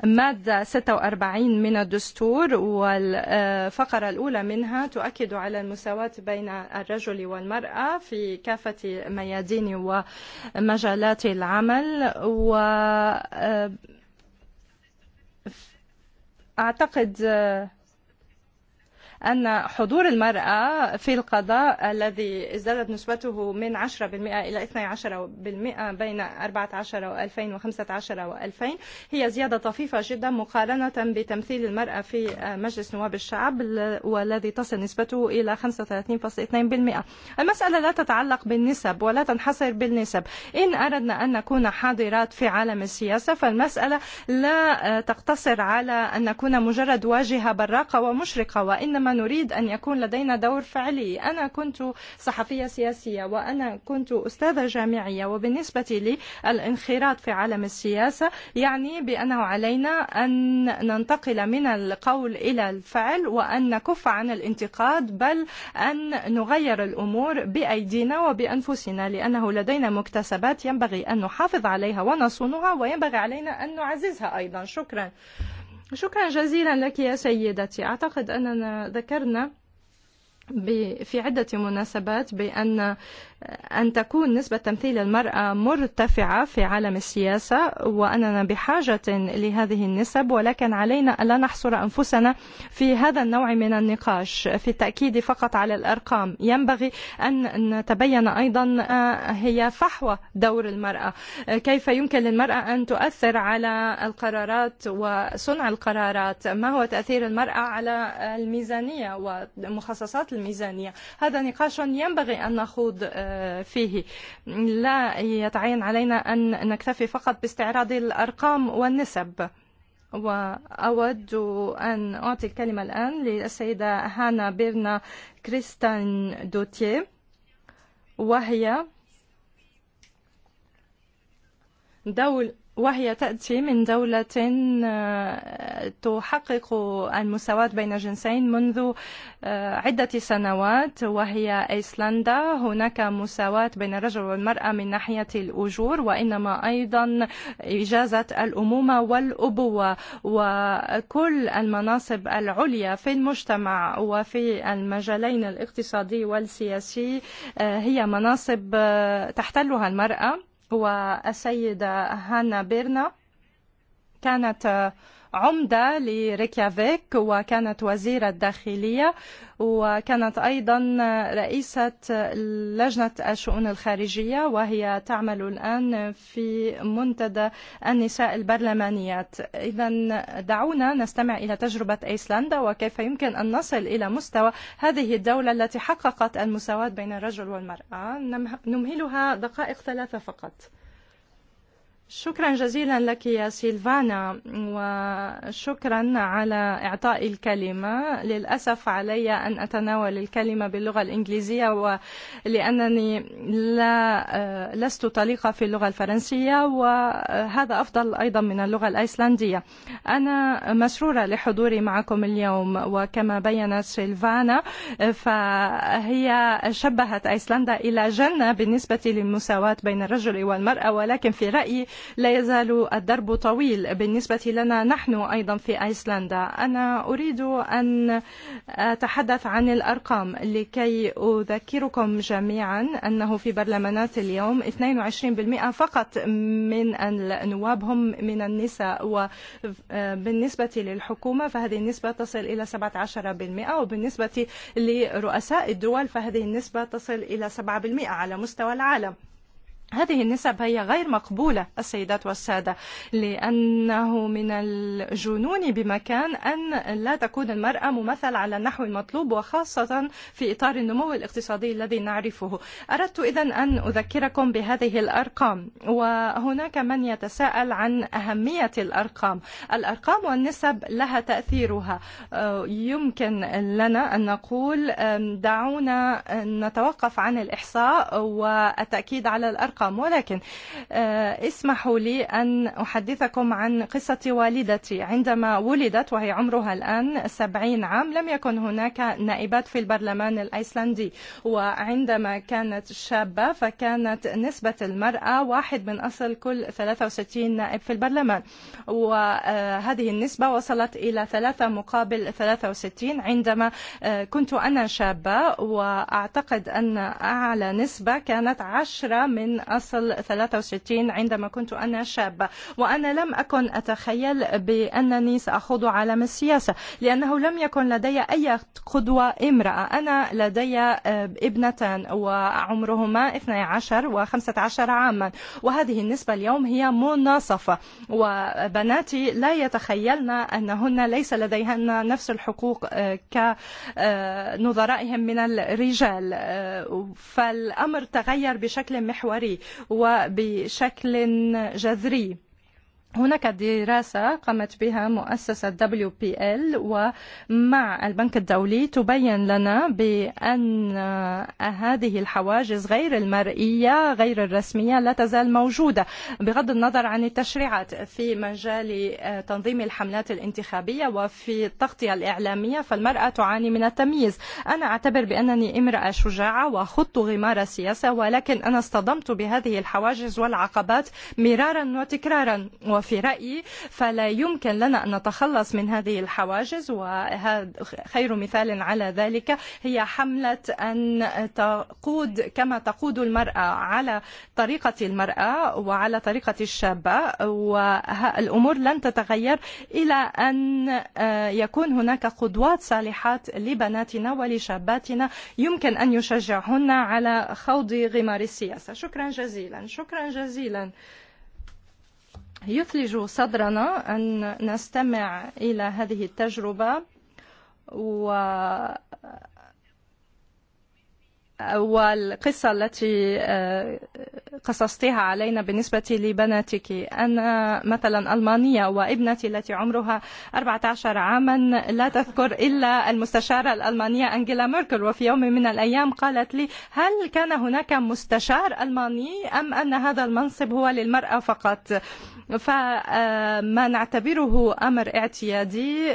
مادة 46 من الدستور والفقرة الأولى منها تؤكد على المساواة بين الرجل والمرأة في كافة ميادين ومجالات العمل و أعتقد أن حضور المرأة في القضاء الذي ازدادت نسبته من 10% إلى 12% بين 14 و 2015 و 2000 هي زيادة طفيفة جدا مقارنة بتمثيل المرأة في مجلس نواب الشعب والذي تصل نسبته إلى 35.2% المسألة لا تتعلق بالنسب ولا تنحصر بالنسب إن أردنا أن نكون حاضرات في عالم السياسة فالمسألة لا تقتصر على أن نكون مجرد واجهة براقة ومشرقة وإنما نريد أن يكون لدينا دور فعلي أنا كنت صحفية سياسية وأنا كنت أستاذة جامعية وبالنسبة لي الانخراط في عالم السياسة يعني بأنه علينا أن ننتقل من القول إلى الفعل وأن نكف عن الانتقاد بل أن نغير الأمور بأيدينا وبأنفسنا لأنه لدينا مكتسبات ينبغي أن نحافظ عليها ونصونها وينبغي علينا أن نعززها أيضا شكرا شكرا جزيلا لك يا سيدتي أعتقد أننا ذكرنا في عدة مناسبات بأن أن تكون نسبة تمثيل المرأة مرتفعة في عالم السياسة وأننا بحاجة لهذه النسب ولكن علينا ألا نحصر أنفسنا في هذا النوع من النقاش في التأكيد فقط على الأرقام ينبغي أن نتبين أيضا هي فحوى دور المرأة كيف يمكن للمرأة أن تؤثر على القرارات وصنع القرارات ما هو تأثير المرأة على الميزانية ومخصصات الميزانية هذا نقاش ينبغي أن نخوض فيه لا يتعين علينا أن نكتفي فقط باستعراض الأرقام والنسب وأود أن أعطي الكلمة الآن للسيدة هانا بيرنا كريستان دوتيه وهي دول وهي تأتي من دولة تحقق المساواة بين الجنسين منذ عدة سنوات وهي أيسلندا هناك مساواة بين الرجل والمرأة من ناحية الأجور وإنما أيضا إجازة الأمومة والأبوة وكل المناصب العليا في المجتمع وفي المجالين الاقتصادي والسياسي هي مناصب تحتلها المرأة والسيدة هانا بيرنا كانت عمدة لريكيافيك وكانت وزيرة الداخلية وكانت أيضا رئيسة لجنة الشؤون الخارجية وهي تعمل الآن في منتدى النساء البرلمانيات إذا دعونا نستمع إلى تجربة أيسلندا وكيف يمكن أن نصل إلى مستوى هذه الدولة التي حققت المساواة بين الرجل والمرأة نمهلها دقائق ثلاثة فقط شكرا جزيلا لك يا سيلفانا وشكرا على إعطاء الكلمة للأسف علي أن أتناول الكلمة باللغة الإنجليزية لأنني لا لست طليقة في اللغة الفرنسية وهذا أفضل أيضا من اللغة الأيسلندية أنا مسرورة لحضوري معكم اليوم وكما بيّنت سيلفانا فهي شبهت أيسلندا إلى جنة بالنسبة للمساواة بين الرجل والمرأة ولكن في رأيي لا يزال الدرب طويل بالنسبة لنا نحن أيضا في أيسلندا أنا أريد أن أتحدث عن الأرقام لكي أذكركم جميعا أنه في برلمانات اليوم 22% فقط من النواب هم من النساء وبالنسبة للحكومة فهذه النسبة تصل إلى 17% وبالنسبة لرؤساء الدول فهذه النسبة تصل إلى 7% على مستوى العالم هذه النسب هي غير مقبولة السيدات والسادة لأنه من الجنون بمكان أن لا تكون المرأة ممثلة على النحو المطلوب وخاصة في إطار النمو الاقتصادي الذي نعرفه أردت إذا أن أذكركم بهذه الأرقام وهناك من يتساءل عن أهمية الأرقام الأرقام والنسب لها تأثيرها يمكن لنا أن نقول دعونا نتوقف عن الإحصاء والتأكيد على الأرقام الأرقام ولكن اسمحوا لي أن أحدثكم عن قصة والدتي عندما ولدت وهي عمرها الآن سبعين عام لم يكن هناك نائبات في البرلمان الأيسلندي وعندما كانت شابة فكانت نسبة المرأة واحد من أصل كل 63 نائب في البرلمان وهذه النسبة وصلت إلى ثلاثة مقابل 63 عندما كنت أنا شابة وأعتقد أن أعلى نسبة كانت عشرة من أصل 63 عندما كنت أنا شابة وأنا لم أكن أتخيل بأنني سأخوض عالم السياسة لأنه لم يكن لدي أي قدوة امرأة أنا لدي ابنتان وعمرهما 12 و 15 عاما وهذه النسبة اليوم هي مناصفة وبناتي لا يتخيلن أنهن ليس لديهن نفس الحقوق كنظرائهم من الرجال فالأمر تغير بشكل محوري وبشكل جذري هناك دراسة قامت بها مؤسسة WPL ومع البنك الدولي تبين لنا بأن هذه الحواجز غير المرئية غير الرسمية لا تزال موجودة بغض النظر عن التشريعات في مجال تنظيم الحملات الانتخابية وفي التغطية الإعلامية فالمرأة تعاني من التمييز أنا أعتبر بأنني امرأة شجاعة وخط غمار السياسة ولكن أنا اصطدمت بهذه الحواجز والعقبات مرارا وتكرارا وفي في رأيي فلا يمكن لنا أن نتخلص من هذه الحواجز وخير مثال على ذلك هي حملة أن تقود كما تقود المرأة على طريقة المرأة وعلى طريقة الشابة والأمور لن تتغير إلى أن يكون هناك قدوات صالحات لبناتنا ولشاباتنا يمكن أن يشجعهن على خوض غمار السياسة شكرا جزيلا شكرا جزيلا يثلج صدرنا أن نستمع إلى هذه التجربة و والقصة التي قصصتها علينا بالنسبة لبناتك أنا مثلا ألمانية وابنتي التي عمرها 14 عاما لا تذكر إلا المستشارة الألمانية أنجيلا ميركل وفي يوم من الأيام قالت لي هل كان هناك مستشار ألماني أم أن هذا المنصب هو للمرأة فقط؟ فما نعتبره أمر اعتيادي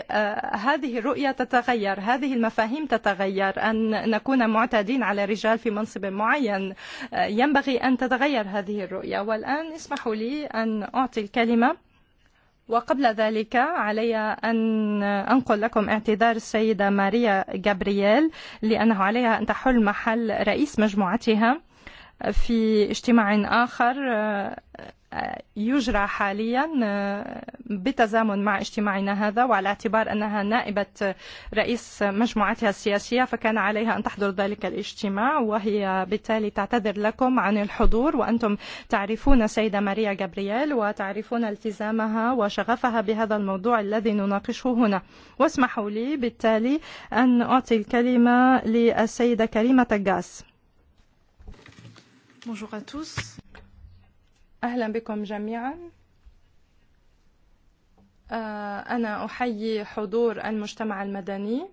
هذه الرؤية تتغير هذه المفاهيم تتغير أن نكون معتادين على رجال في منصب معين ينبغي أن تتغير هذه الرؤية والآن اسمحوا لي أن أعطي الكلمة وقبل ذلك علي أن أنقل لكم اعتذار السيدة ماريا جابرييل لأنه عليها أن تحل محل رئيس مجموعتها في اجتماع آخر يجرى حاليا بتزامن مع اجتماعنا هذا وعلى اعتبار أنها نائبة رئيس مجموعتها السياسية فكان عليها أن تحضر ذلك الاجتماع وهي بالتالي تعتذر لكم عن الحضور وأنتم تعرفون سيدة ماريا جابرييل وتعرفون التزامها وشغفها بهذا الموضوع الذي نناقشه هنا واسمحوا لي بالتالي أن أعطي الكلمة للسيدة كريمة الجاس Bonjour à tous. أهلا بكم جميعا أنا أحيي حضور المجتمع المدني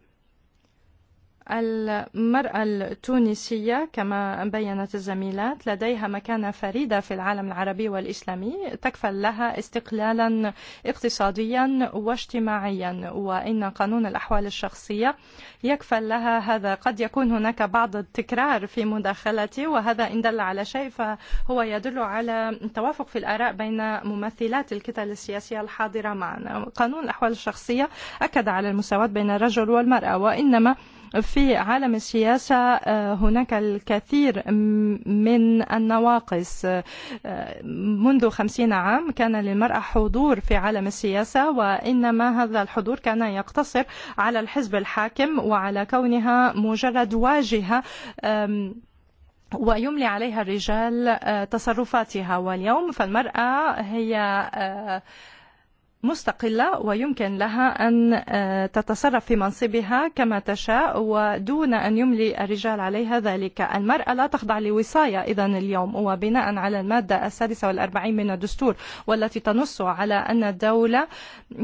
المرأة التونسية كما بيّنت الزميلات لديها مكانة فريدة في العالم العربي والإسلامي تكفل لها استقلالا اقتصاديا واجتماعيا وإن قانون الأحوال الشخصية يكفل لها هذا قد يكون هناك بعض التكرار في مداخلتي وهذا إن دل على شيء فهو يدل على توافق في الآراء بين ممثلات الكتل السياسية الحاضرة معنا قانون الأحوال الشخصية أكد على المساواة بين الرجل والمرأة وإنما في عالم السياسة هناك الكثير من النواقص منذ خمسين عام كان للمرأة حضور في عالم السياسة وإنما هذا الحضور كان يقتصر على الحزب الحاكم وعلى كونها مجرد واجهة ويملي عليها الرجال تصرفاتها واليوم فالمرأة هي مستقلة ويمكن لها أن تتصرف في منصبها كما تشاء ودون أن يملي الرجال عليها ذلك المرأة لا تخضع لوصاية إذا اليوم وبناء على المادة السادسة والأربعين من الدستور والتي تنص على أن الدولة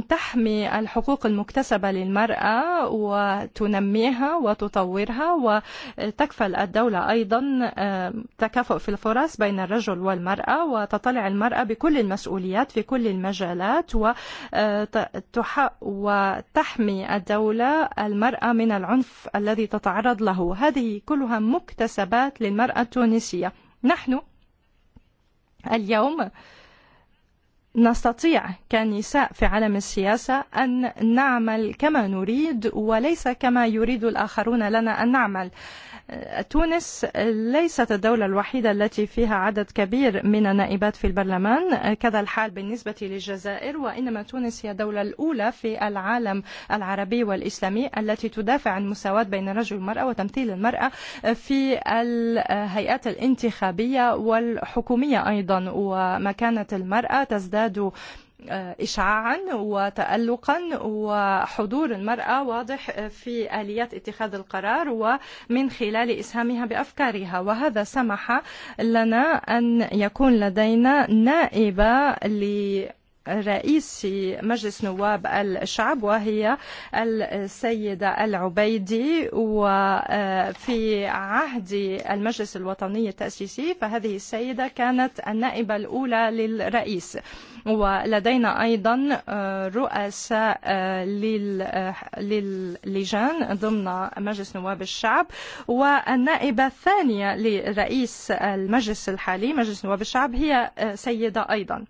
تحمي الحقوق المكتسبة للمرأة وتنميها وتطورها وتكفل الدولة أيضا تكافؤ في الفرص بين الرجل والمرأة وتطلع المرأة بكل المسؤوليات في كل المجالات و وتحمي الدولة المرأة من العنف الذي تتعرض له هذه كلها مكتسبات للمرأة التونسية نحن اليوم نستطيع كنساء في عالم السياسة أن نعمل كما نريد وليس كما يريد الآخرون لنا أن نعمل آه تونس ليست الدولة الوحيدة التي فيها عدد كبير من النائبات في البرلمان كذا الحال بالنسبة للجزائر وإنما تونس هي الدولة الأولى في العالم العربي والإسلامي التي تدافع عن مساواة بين الرجل والمرأة وتمثيل المرأة في الهيئات الانتخابية والحكومية أيضا ومكانة المرأة تزداد إشعاعا وتألقا وحضور المرأة واضح في آليات اتخاذ القرار ومن خلال إسهامها بأفكارها وهذا سمح لنا أن يكون لدينا نائبة ل رئيس مجلس نواب الشعب وهي السيدة العبيدي وفي عهد المجلس الوطني التأسيسي فهذه السيدة كانت النائبة الأولى للرئيس ولدينا أيضا رؤساء للجان ضمن مجلس نواب الشعب والنائبة الثانية لرئيس المجلس الحالي مجلس نواب الشعب هي سيدة أيضا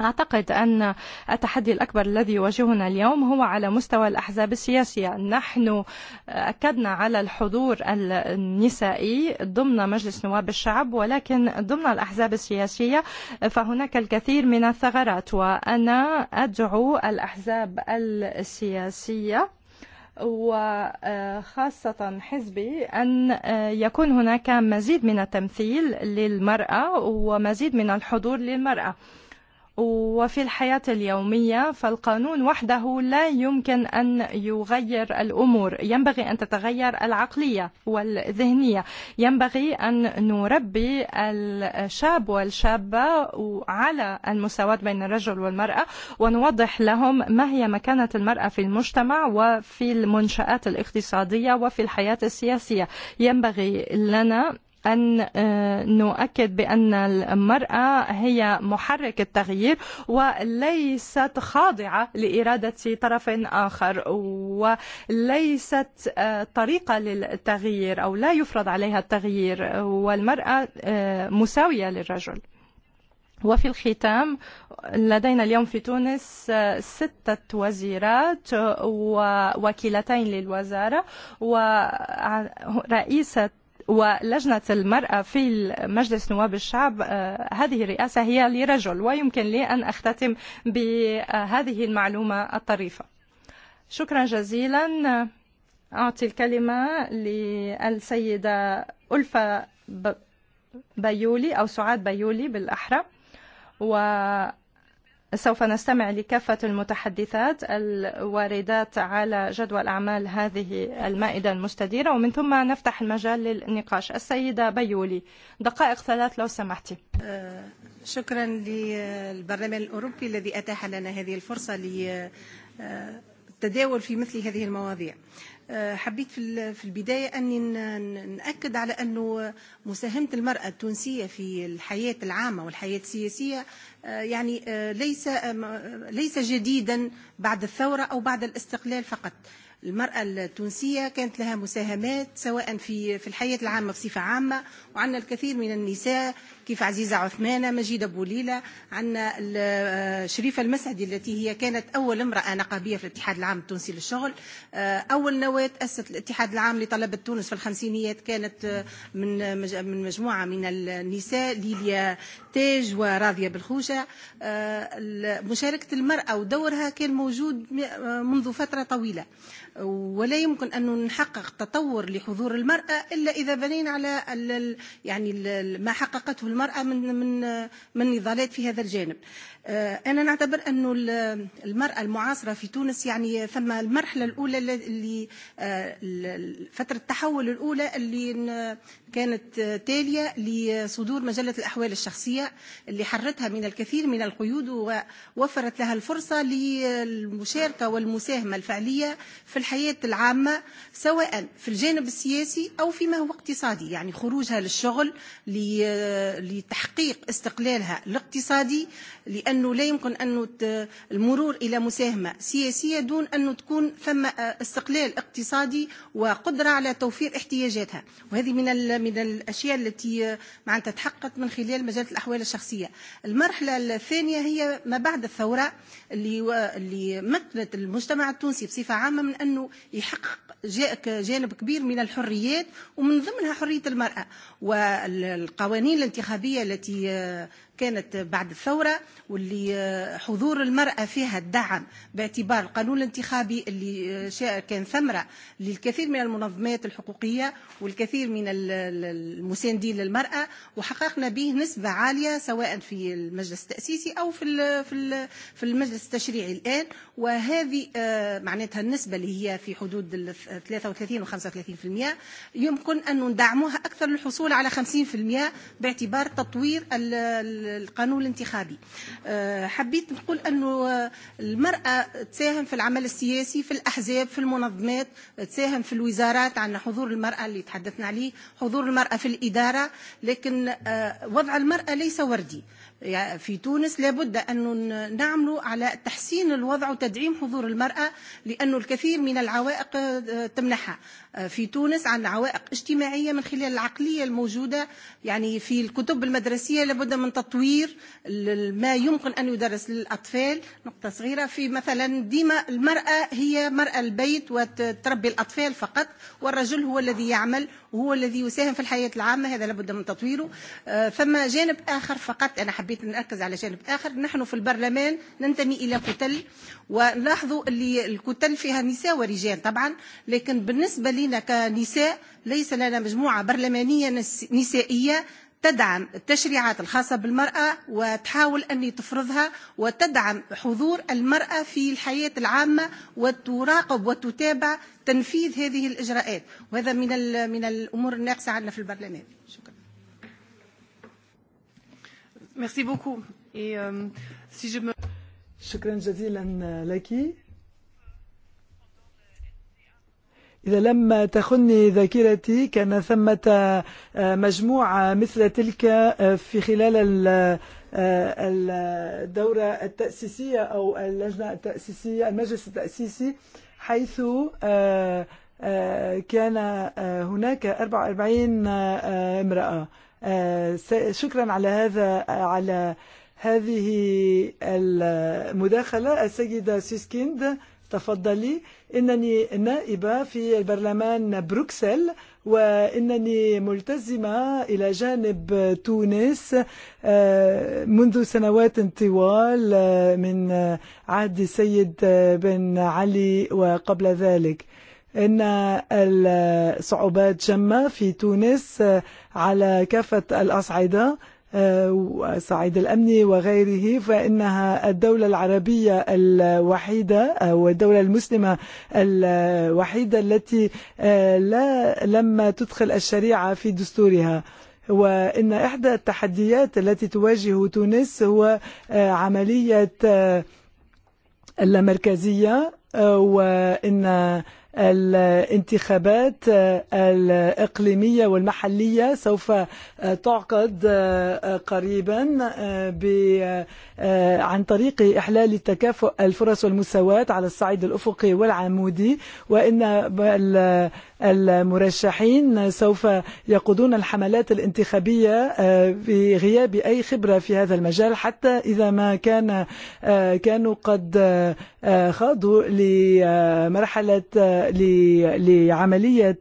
أعتقد أن التحدي الأكبر الذي يواجهنا اليوم هو على مستوى الأحزاب السياسية نحن أكدنا على الحضور النسائي ضمن مجلس نواب الشعب ولكن ضمن الأحزاب السياسية فهناك الكثير من الثغرات وأنا أدعو الأحزاب السياسية وخاصة حزبي أن يكون هناك مزيد من التمثيل للمرأة ومزيد من الحضور للمرأة. وفي الحياة اليومية فالقانون وحده لا يمكن أن يغير الأمور ينبغي أن تتغير العقلية والذهنية ينبغي أن نربي الشاب والشابة على المساواة بين الرجل والمرأة ونوضح لهم ما هي مكانة المرأة في المجتمع وفي المنشآت الاقتصادية وفي الحياة السياسية ينبغي لنا أن نؤكد بأن المرأة هي محرك التغيير وليست خاضعة لإرادة طرف آخر وليست طريقة للتغيير أو لا يفرض عليها التغيير والمرأة مساوية للرجل وفي الختام لدينا اليوم في تونس ستة وزيرات ووكيلتين للوزارة ورئيسة ولجنة المرأة في مجلس نواب الشعب هذه الرئاسة هي لرجل ويمكن لي أن أختتم بهذه المعلومة الطريفة شكرا جزيلا أعطي الكلمة للسيدة ألفة بيولي أو سعاد بيولي بالأحرى و سوف نستمع لكافة المتحدثات الواردات على جدول أعمال هذه المائدة المستديرة ومن ثم نفتح المجال للنقاش السيدة بيولي دقائق ثلاث لو سمحت شكرا للبرلمان الأوروبي الذي أتاح لنا هذه الفرصة للتداول في مثل هذه المواضيع حبيت في في البداية أني نأكد على أنه مساهمة المرأة التونسية في الحياة العامة والحياة السياسية يعني ليس ليس جديدا بعد الثورة أو بعد الاستقلال فقط المرأة التونسية كانت لها مساهمات سواء في في الحياة العامة بصفة عامة وعندنا الكثير من النساء كيف عزيزة عثمانة مجيدة بوليلة عندنا شريفة المسعدي التي هي كانت أول امرأة نقابية في الاتحاد العام التونسي للشغل أول نواة أسست الاتحاد العام لطلبة تونس في الخمسينيات كانت من من مجموعة من النساء ليليا تاج وراضية بالخوشة مشاركة المرأة ودورها كان موجود منذ فترة طويلة ولا يمكن أن نحقق تطور لحضور المرأة إلا إذا بنينا على يعني ما حققته المرأة من من من نضالات في هذا الجانب أنا نعتبر أن المرأة المعاصرة في تونس يعني ثم المرحلة الأولى اللي فترة التحول الأولى اللي كانت تالية لصدور مجلة الأحوال الشخصية اللي حرتها من الكثير من القيود ووفرت لها الفرصة للمشاركة والمساهمة الفعلية في الحياة العامة سواء في الجانب السياسي أو فيما هو اقتصادي يعني خروجها للشغل لتحقيق استقلالها الاقتصادي لأنه لا يمكن أن المرور إلى مساهمة سياسية دون أن تكون ثم استقلال اقتصادي وقدرة على توفير احتياجاتها وهذه من من الأشياء التي معناتها تحققت من خلال مجلة الأحوال الشخصية المرحلة الثانية هي ما بعد الثورة اللي, و... اللي مكنت المجتمع التونسي بصفة عامة من أنه يحقق جانب كبير من الحريات ومن ضمنها حرية المرأة والقوانين الانتخابية التي كانت بعد الثورة واللي حضور المرأة فيها الدعم باعتبار القانون الانتخابي اللي كان ثمرة للكثير من المنظمات الحقوقية والكثير من المساندين للمرأة وحققنا به نسبة عالية سواء في المجلس التأسيسي أو في في المجلس التشريعي الآن وهذه معناتها النسبة اللي هي في حدود 33 و 35% يمكن أن ندعمها أكثر للحصول على 50% باعتبار تطوير ال القانون الانتخابي حبيت نقول أنه المرأة تساهم في العمل السياسي في الأحزاب في المنظمات تساهم في الوزارات عن حضور المرأة اللي تحدثنا عليه حضور المرأة في الإدارة لكن وضع المرأة ليس وردي في تونس لابد أن نعمل على تحسين الوضع وتدعيم حضور المرأة لأن الكثير من العوائق تمنحها في تونس عن عوائق اجتماعية من خلال العقلية الموجودة يعني في الكتب المدرسية لابد من تطوير ما يمكن أن يدرس للأطفال نقطة صغيرة في مثلا ديما المرأة هي مرأة البيت وتربي الأطفال فقط والرجل هو الذي يعمل وهو الذي يساهم في الحياة العامة هذا لابد من تطويره ثم جانب آخر فقط أنا حبيت حبيت نركز على جانب آخر نحن في البرلمان ننتمي إلى كتل ونلاحظوا اللي الكتل فيها نساء ورجال طبعا لكن بالنسبة لنا كنساء ليس لنا مجموعة برلمانية نسائية تدعم التشريعات الخاصة بالمرأة وتحاول أن تفرضها وتدعم حضور المرأة في الحياة العامة وتراقب وتتابع تنفيذ هذه الإجراءات وهذا من من الأمور الناقصة عندنا في البرلمان شكرا Merci beaucoup. Et euh, si je me... شكرا جزيلا لك إذا لم تخني ذاكرتي كان ثمة مجموعة مثل تلك في خلال الدورة التأسيسية أو اللجنة التأسيسية المجلس التأسيسي حيث كان هناك 44 امرأة شكرا على هذا على هذه المداخلة السيدة سيسكيند تفضلي إنني نائبة في البرلمان بروكسل وإنني ملتزمة إلى جانب تونس منذ سنوات طوال من عهد السيد بن علي وقبل ذلك إن الصعوبات جمة في تونس على كافة الأصعدة وصعيد الأمني وغيره فإنها الدولة العربية الوحيدة أو الدولة المسلمة الوحيدة التي لا لما تدخل الشريعة في دستورها وإن إحدى التحديات التي تواجه تونس هو عملية اللامركزية وإن الانتخابات الإقليمية والمحلية سوف تعقد قريبا عن طريق إحلال التكافؤ الفرص والمساواة على الصعيد الأفقي والعمودي وإن المرشحين سوف يقودون الحملات الانتخابية في غياب أي خبرة في هذا المجال حتى إذا ما كان كانوا قد خاضوا لمرحلة لعملية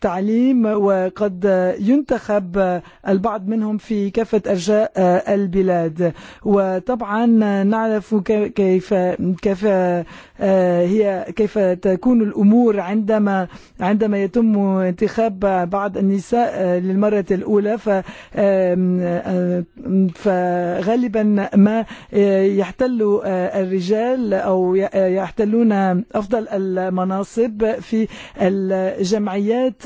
تعليم وقد ينتخب البعض منهم في كافة أرجاء البلاد وطبعا نعرف كيف كيف هي كيف تكون الأمور عندما عندما يتم انتخاب بعض النساء للمرة الأولى فغالبا ما يحتل الرجال أو يحتلون أفضل المناصب في الجمعيات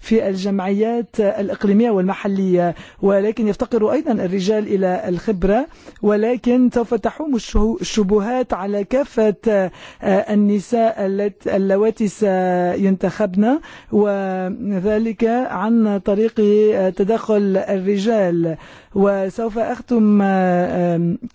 في الجمعيات الإقليمية والمحلية ولكن يفتقر أيضا الرجال إلى الخبرة ولكن سوف تحوم الشبهات على كافة النساء اللواتي سينتخبن وذلك عن طريق تدخل الرجال وسوف أختم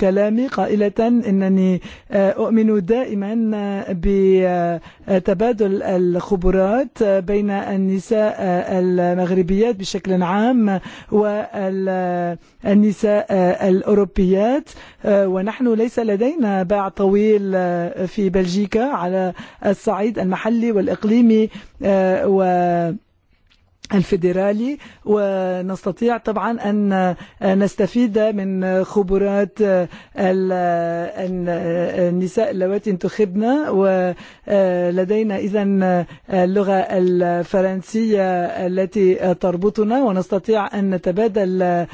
كلامي قائلة أنني أؤمن دائما بتبادل الخبرات بين النساء المغربيات بشكل عام والنساء الأوروبيات ونحن ليس لدينا باع طويل في بلجيكا على الصعيد المحلي والإقليمي و الفيدرالي ونستطيع طبعا أن نستفيد من خبرات النساء اللواتي انتخبنا ولدينا إذا اللغة الفرنسية التي تربطنا ونستطيع أن نتبادل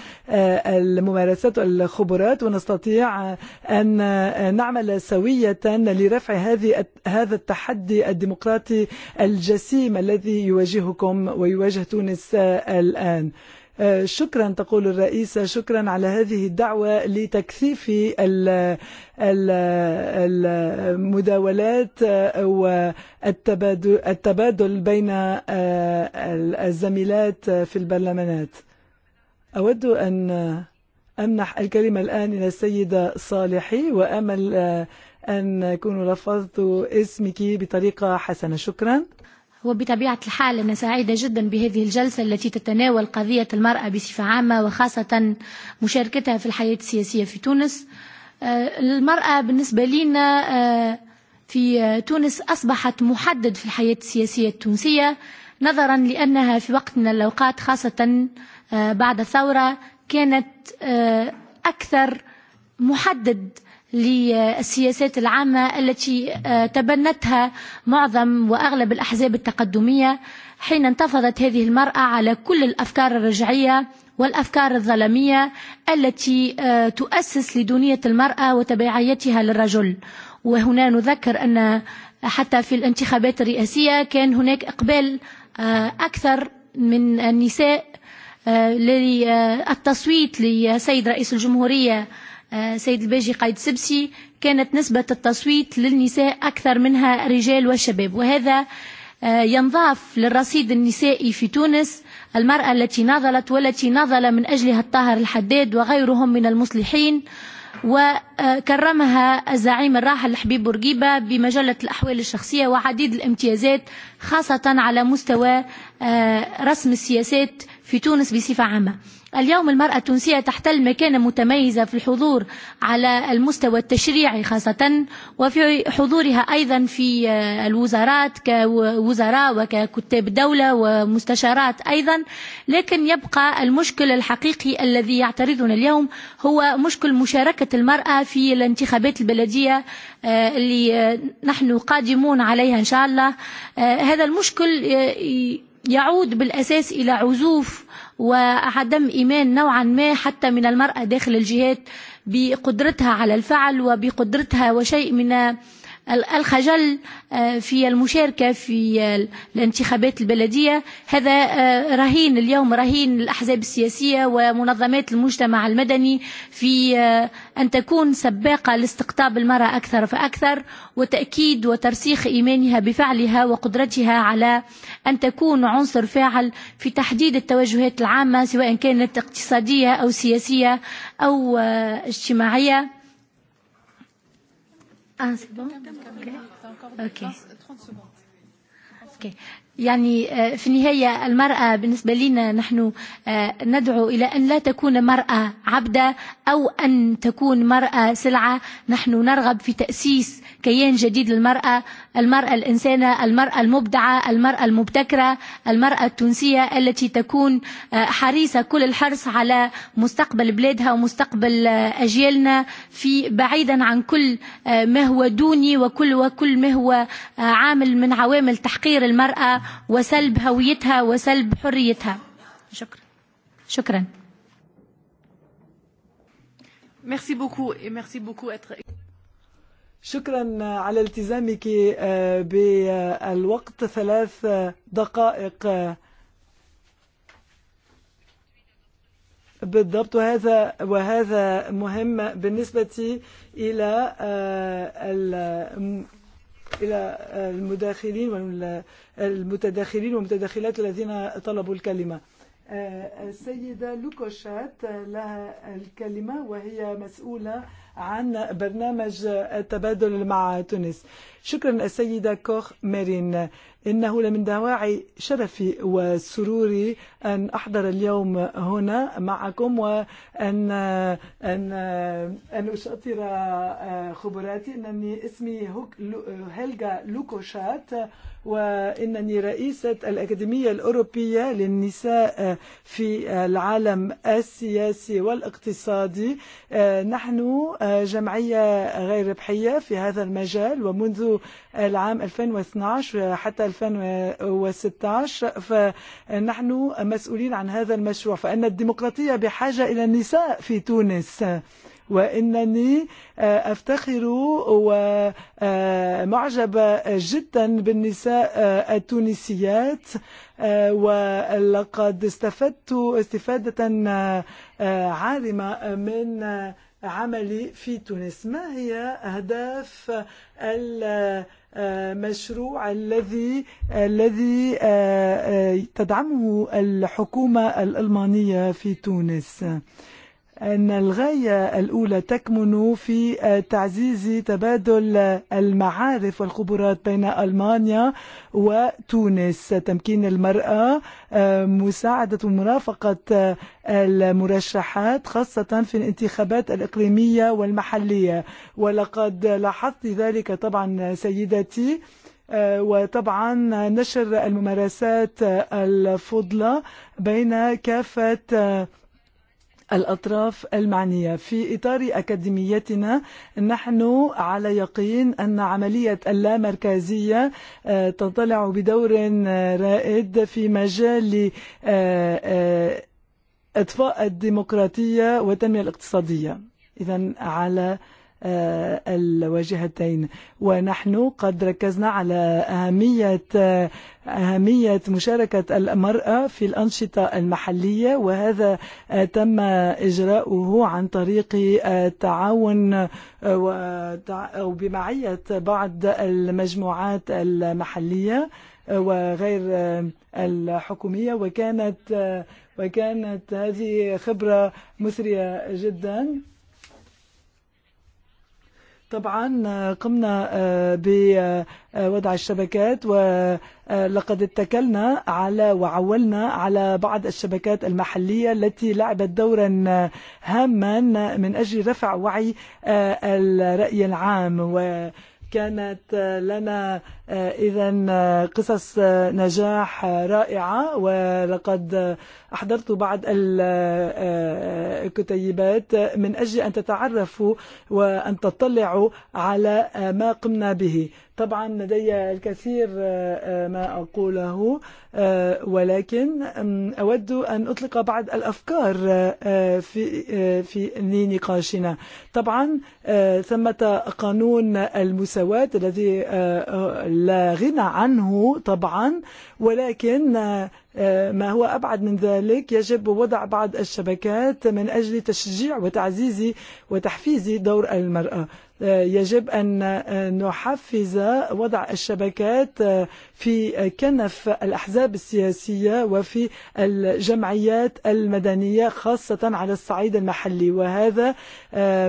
الممارسات والخبرات ونستطيع أن نعمل سوية لرفع هذه هذا التحدي الديمقراطي الجسيم الذي يواجهكم ويواجه تونس الآن شكرا تقول الرئيسة شكرا على هذه الدعوة لتكثيف المداولات والتبادل بين الزميلات في البرلمانات أود أن أمنح الكلمة الآن إلى السيدة صالحي وأمل أن أكون لفظت اسمك بطريقة حسنة شكرا وبطبيعة الحال أنا سعيدة جدا بهذه الجلسة التي تتناول قضية المرأة بصفة عامة وخاصة مشاركتها في الحياة السياسية في تونس المرأة بالنسبة لنا في تونس أصبحت محدد في الحياة السياسية التونسية نظرا لأنها في وقتنا الأوقات خاصة بعد الثورة كانت أكثر محدد للسياسات العامة التي تبنتها معظم وأغلب الأحزاب التقدمية حين انتفضت هذه المرأة على كل الأفكار الرجعية والأفكار الظلمية التي تؤسس لدونية المرأة وتبعيتها للرجل وهنا نذكر أن حتى في الانتخابات الرئاسية كان هناك إقبال أكثر من النساء للتصويت لسيد رئيس الجمهورية سيد البيجي قايد سبسي كانت نسبة التصويت للنساء أكثر منها الرجال والشباب وهذا ينضاف للرصيد النسائي في تونس المرأة التي ناضلت والتي ناضل من أجلها الطاهر الحداد وغيرهم من المصلحين وكرمها الزعيم الراحل الحبيب بورقيبة بمجلة الأحوال الشخصية وعديد الامتيازات خاصة على مستوى رسم السياسات في تونس بصفة عامة اليوم المرأة التونسية تحتل مكانة متميزة في الحضور على المستوى التشريعي خاصة وفي حضورها أيضا في الوزارات كوزراء وككتاب دولة ومستشارات أيضا لكن يبقى المشكل الحقيقي الذي يعترضنا اليوم هو مشكل مشاركة المرأة في الانتخابات البلدية اللي نحن قادمون عليها إن شاء الله هذا المشكل يعود بالأساس إلى عزوف وعدم إيمان نوعا ما حتى من المرأة داخل الجهات بقدرتها على الفعل وبقدرتها وشيء من الخجل في المشاركة في الانتخابات البلدية هذا رهين اليوم رهين الأحزاب السياسية ومنظمات المجتمع المدني في أن تكون سباقة لاستقطاب المرأة أكثر فأكثر وتأكيد وترسيخ إيمانها بفعلها وقدرتها على أن تكون عنصر فاعل في تحديد التوجهات العامة سواء كانت اقتصادية أو سياسية أو اجتماعية Ah, c'est bon Ok. okay. يعني في النهاية المرأة بالنسبة لنا نحن ندعو إلى أن لا تكون مرأة عبدة أو أن تكون مرأة سلعة نحن نرغب في تأسيس كيان جديد للمرأة المرأة الإنسانة المرأة المبدعة المرأة المبتكرة المرأة التونسية التي تكون حريصة كل الحرص على مستقبل بلادها ومستقبل أجيالنا في بعيدا عن كل ما هو دوني وكل وكل ما هو عامل من عوامل تحقير المرأة وسلب هويتها وسلب حريتها شكرا شكرا Merci beaucoup et merci beaucoup être شكرا على التزامك بالوقت ثلاث دقائق بالضبط هذا وهذا مهم بالنسبة إلى إلى المداخلين والمتداخلين والمتداخلات الذين طلبوا الكلمة السيدة لوكوشات لها الكلمة وهي مسؤولة عن برنامج التبادل مع تونس شكرا السيدة كوخ مارين إنه لمن دواعي شرفي وسروري أن أحضر اليوم هنا معكم وأن أن أن أشاطر خبراتي أنني اسمي هيلغا لوكوشات وإنني رئيسة الأكاديمية الأوروبية للنساء في العالم السياسي والاقتصادي نحن جمعية غير ربحية في هذا المجال ومنذ العام 2012 حتى 2016 فنحن مسؤولين عن هذا المشروع فإن الديمقراطية بحاجة إلى النساء في تونس وإنني أفتخر ومعجبة جدا بالنساء التونسيات ولقد استفدت استفادة عارمة من عملي في تونس ما هي أهداف المشروع الذي الذي تدعمه الحكومة الألمانية في تونس؟ أن الغاية الأولى تكمن في تعزيز تبادل المعارف والخبرات بين ألمانيا وتونس تمكين المرأة مساعدة ومرافقة المرشحات خاصة في الانتخابات الإقليمية والمحلية ولقد لاحظت ذلك طبعا سيدتي وطبعا نشر الممارسات الفضلة بين كافة الأطراف المعنية في إطار أكاديميتنا نحن على يقين أن عملية اللامركزية تنطلع بدور رائد في مجال إطفاء الديمقراطية وتنمية الاقتصادية إذا على الواجهتين ونحن قد ركزنا على أهمية أهمية مشاركة المرأة في الأنشطة المحلية وهذا تم إجراؤه عن طريق التعاون وبمعية بعض المجموعات المحلية وغير الحكومية وكانت وكانت هذه خبرة مثرية جداً طبعا قمنا بوضع الشبكات ولقد اتكلنا على وعولنا على بعض الشبكات المحلية التي لعبت دورا هاما من أجل رفع وعي الرأي العام و كانت لنا إذا قصص نجاح رائعة ولقد أحضرت بعض الكتيبات من أجل أن تتعرفوا وأن تطلعوا على ما قمنا به طبعا لدي الكثير ما أقوله ولكن أود أن أطلق بعض الأفكار في في لنقاشنا طبعا ثمة قانون المساواة الذي لا غنى عنه طبعا ولكن ما هو أبعد من ذلك يجب وضع بعض الشبكات من أجل تشجيع وتعزيز وتحفيز دور المرأة يجب أن نحفز وضع الشبكات في كنف الأحزاب السياسية وفي الجمعيات المدنية خاصة على الصعيد المحلي وهذا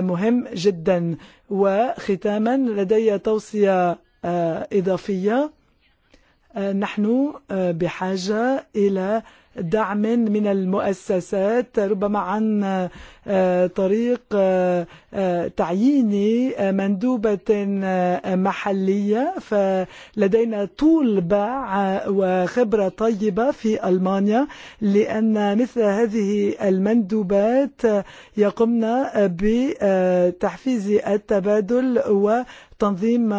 مهم جدا وختاما لدي توصية إضافية نحن بحاجة إلى دعم من المؤسسات ربما عن طريق تعيين مندوبة محلية فلدينا طول باع وخبرة طيبة في ألمانيا لأن مثل هذه المندوبات يقمنا بتحفيز التبادل وتنظيم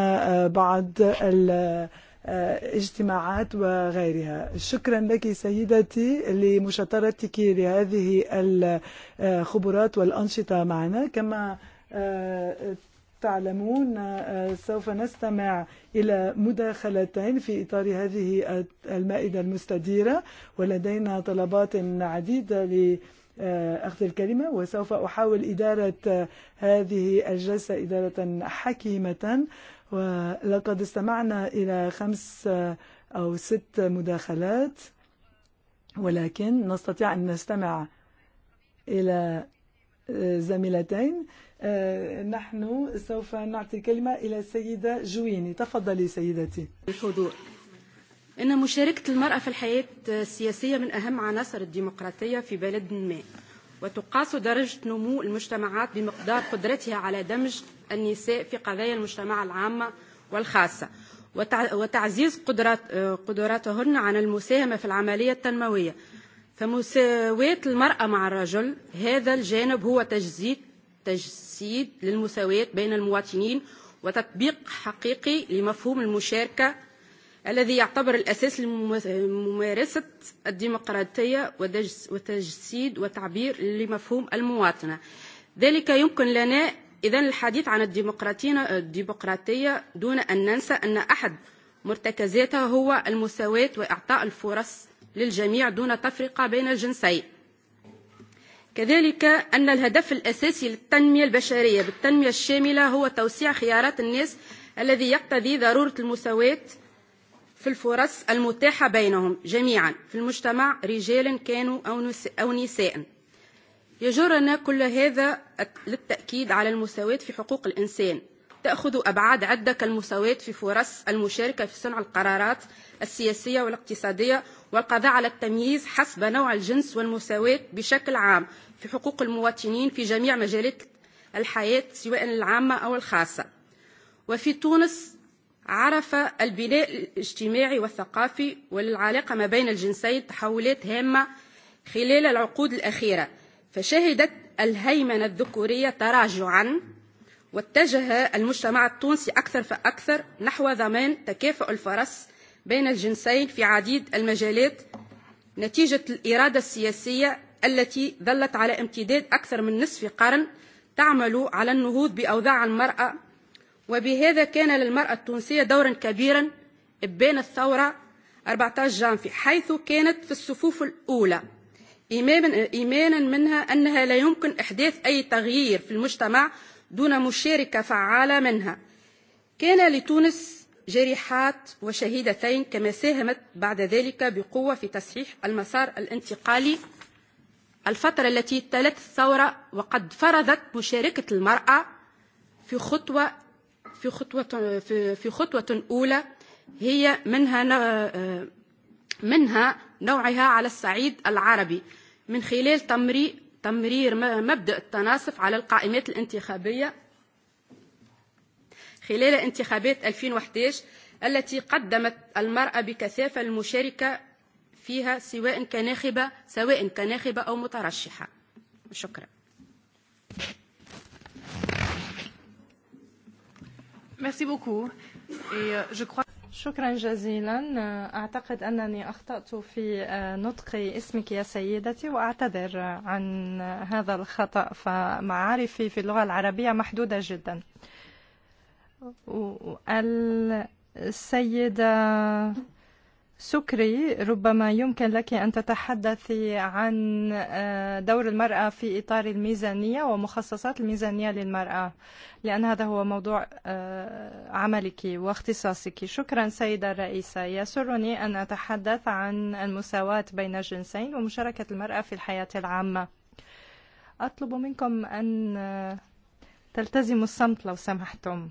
بعض ال اجتماعات وغيرها شكرا لك سيدتي لمشاطرتك لهذه الخبرات والأنشطة معنا كما تعلمون سوف نستمع إلى مداخلتين في إطار هذه المائدة المستديرة ولدينا طلبات عديدة لأخذ الكلمة وسوف أحاول إدارة هذه الجلسة إدارة حكيمة ولقد استمعنا إلى خمس أو ست مداخلات ولكن نستطيع أن نستمع إلى زميلتين نحن سوف نعطي كلمة إلى السيدة جويني تفضلي سيدتي الحضور إن مشاركة المرأة في الحياة السياسية من أهم عناصر الديمقراطية في بلد ما وتقاس درجة نمو المجتمعات بمقدار قدرتها على دمج النساء في قضايا المجتمع العامة والخاصة وتعزيز قدرات قدراتهن عن المساهمة في العملية التنموية فمساواة المرأة مع الرجل هذا الجانب هو تجسيد تجسيد للمساواة بين المواطنين وتطبيق حقيقي لمفهوم المشاركة الذي يعتبر الأساس لممارسة الديمقراطية وتجسيد وتعبير لمفهوم المواطنة ذلك يمكن لنا إذن الحديث عن الديمقراطية دون أن ننسى أن أحد مرتكزاتها هو المساواة وإعطاء الفرص للجميع دون تفرقة بين الجنسين كذلك أن الهدف الأساسي للتنمية البشرية بالتنمية الشاملة هو توسيع خيارات الناس الذي يقتضي ضرورة المساواة في الفرص المتاحة بينهم جميعا في المجتمع رجال كانوا أو نساء يجرنا كل هذا للتأكيد على المساواة في حقوق الإنسان تأخذ أبعاد عدة كالمساواة في فرص المشاركة في صنع القرارات السياسية والاقتصادية والقضاء على التمييز حسب نوع الجنس والمساواة بشكل عام في حقوق المواطنين في جميع مجالات الحياة سواء العامة أو الخاصة وفي تونس عرف البناء الاجتماعي والثقافي والعلاقة ما بين الجنسين تحولات هامة خلال العقود الأخيرة فشهدت الهيمنة الذكورية تراجعا واتجه المجتمع التونسي أكثر فأكثر نحو ضمان تكافؤ الفرص بين الجنسين في عديد المجالات نتيجة الإرادة السياسية التي ظلت على امتداد أكثر من نصف قرن تعمل على النهوض بأوضاع المرأة وبهذا كان للمرأة التونسية دورا كبيرا بين الثورة 14 جانفي حيث كانت في الصفوف الأولى إيمانا منها أنها لا يمكن إحداث أي تغيير في المجتمع دون مشاركة فعالة منها كان لتونس جريحات وشهيدتين كما ساهمت بعد ذلك بقوة في تصحيح المسار الانتقالي الفترة التي تلت الثورة وقد فرضت مشاركة المرأة في خطوة في خطوة, في, في خطوة أولى هي منها منها نوعها على الصعيد العربي من خلال تمرير تمرير مبدأ التناصف على القائمات الانتخابية خلال انتخابات 2011 التي قدمت المرأة بكثافة المشاركة فيها سواء كناخبة سواء كناخبة أو مترشحة شكرا Merci beaucoup. Euh, شكرا جزيلا أعتقد أنني أخطأت في نطق اسمك يا سيدتي وأعتذر عن هذا الخطأ فمعارفي في اللغة العربية محدودة جدا السيدة سكري ربما يمكن لك أن تتحدثي عن دور المرأة في إطار الميزانية ومخصصات الميزانية للمرأة لأن هذا هو موضوع عملك واختصاصك شكرا سيدة الرئيسة يسرني أن أتحدث عن المساواة بين الجنسين ومشاركة المرأة في الحياة العامة أطلب منكم أن تلتزموا الصمت لو سمحتم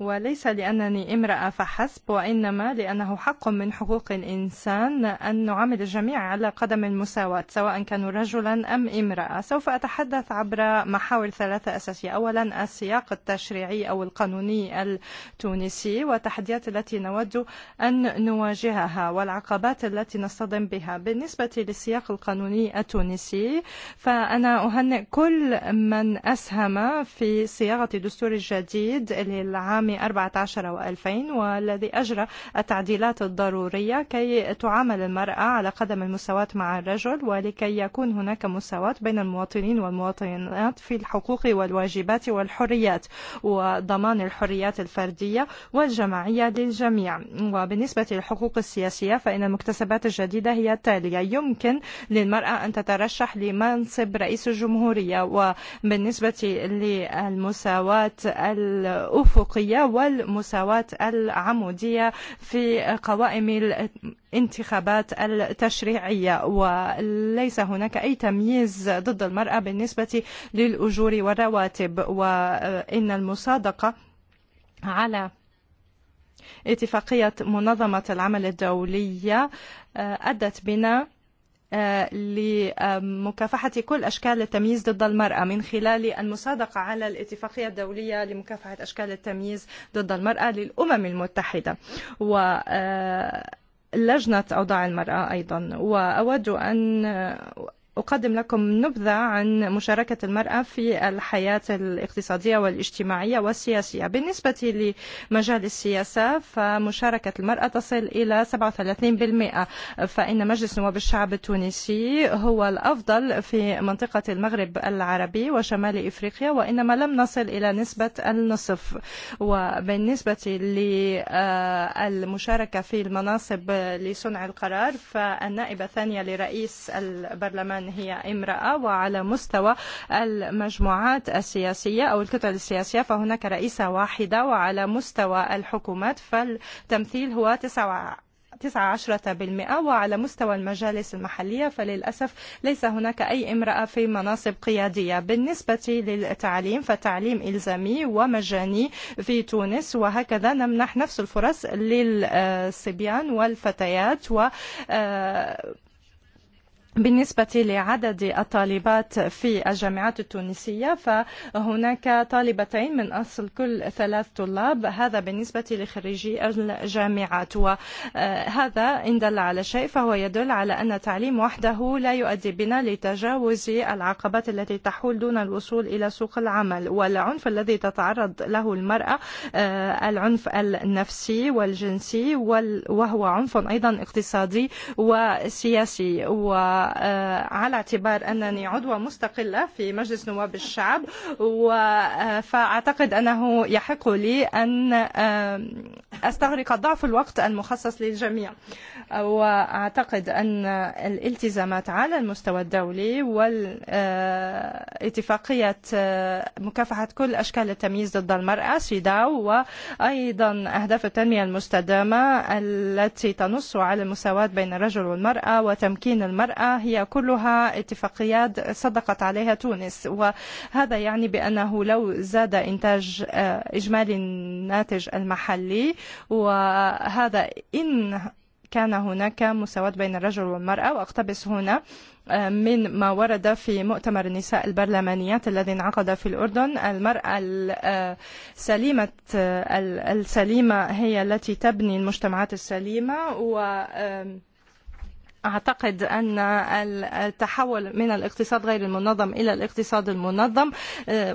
وليس لأنني امرأة فحسب وإنما لأنه حق من حقوق الإنسان أن نعامل الجميع على قدم المساواة سواء كانوا رجلا أم امرأة سوف أتحدث عبر محاور ثلاثة أساسية أولا السياق التشريعي أو القانوني التونسي والتحديات التي نود أن نواجهها والعقبات التي نصطدم بها بالنسبة للسياق القانوني التونسي فأنا أهنئ كل من أسهم في صياغة دستور الجديد للعام عام و2000 والذي أجرى التعديلات الضرورية كي تعامل المرأة على قدم المساواة مع الرجل ولكي يكون هناك مساواة بين المواطنين والمواطنات في الحقوق والواجبات والحريات وضمان الحريات الفردية والجماعية للجميع وبالنسبة للحقوق السياسية فإن المكتسبات الجديدة هي التالية يمكن للمرأة أن تترشح لمنصب رئيس الجمهورية وبالنسبة للمساواة الأفقية الجنسية والمساواة العمودية في قوائم الانتخابات التشريعية وليس هناك أي تمييز ضد المرأة بالنسبة للأجور والرواتب وإن المصادقة على اتفاقية منظمة العمل الدولية أدت بنا لمكافحة كل أشكال التمييز ضد المرأة من خلال المصادقة على الاتفاقية الدولية لمكافحة أشكال التمييز ضد المرأة للأمم المتحدة و لجنة أوضاع المرأة أيضا وأود أن أقدم لكم نبذة عن مشاركة المرأة في الحياة الاقتصادية والاجتماعية والسياسية بالنسبة لمجال السياسة فمشاركة المرأة تصل إلى 37% فإن مجلس نواب الشعب التونسي هو الأفضل في منطقة المغرب العربي وشمال إفريقيا وإنما لم نصل إلى نسبة النصف وبالنسبة للمشاركة في المناصب لصنع القرار فالنائبة الثانية لرئيس البرلمان إذا هي امرأة وعلى مستوى المجموعات السياسية أو الكتل السياسية فهناك رئيسة واحدة وعلى مستوى الحكومات فالتمثيل هو 9 تسعة عشرة بالمئة وعلى مستوى المجالس المحلية فللأسف ليس هناك أي امرأة في مناصب قيادية بالنسبة للتعليم فتعليم إلزامي ومجاني في تونس وهكذا نمنح نفس الفرص للصبيان والفتيات و بالنسبة لعدد الطالبات في الجامعات التونسية فهناك طالبتين من أصل كل ثلاث طلاب هذا بالنسبة لخريجي الجامعات وهذا إن دل على شيء فهو يدل على أن التعليم وحده لا يؤدي بنا لتجاوز العقبات التي تحول دون الوصول إلى سوق العمل والعنف الذي تتعرض له المرأة العنف النفسي والجنسي وهو عنف أيضا اقتصادي وسياسي و على اعتبار أنني عضوة مستقلة في مجلس نواب الشعب فأعتقد أنه يحق لي أن أستغرق ضعف الوقت المخصص للجميع. وأعتقد أن الالتزامات على المستوى الدولي والاتفاقية مكافحة كل أشكال التمييز ضد المرأة سيداو وأيضا أهداف التنمية المستدامة التي تنص على المساواة بين الرجل والمرأة وتمكين المرأة هي كلها اتفاقيات صدقت عليها تونس وهذا يعني بأنه لو زاد إنتاج إجمالي الناتج المحلي وهذا إن كان هناك مساواة بين الرجل والمرأة وأقتبس هنا من ما ورد في مؤتمر النساء البرلمانيات الذي انعقد في الأردن المرأة السليمة السليمة هي التي تبني المجتمعات السليمة و أعتقد أن التحول من الاقتصاد غير المنظم إلى الاقتصاد المنظم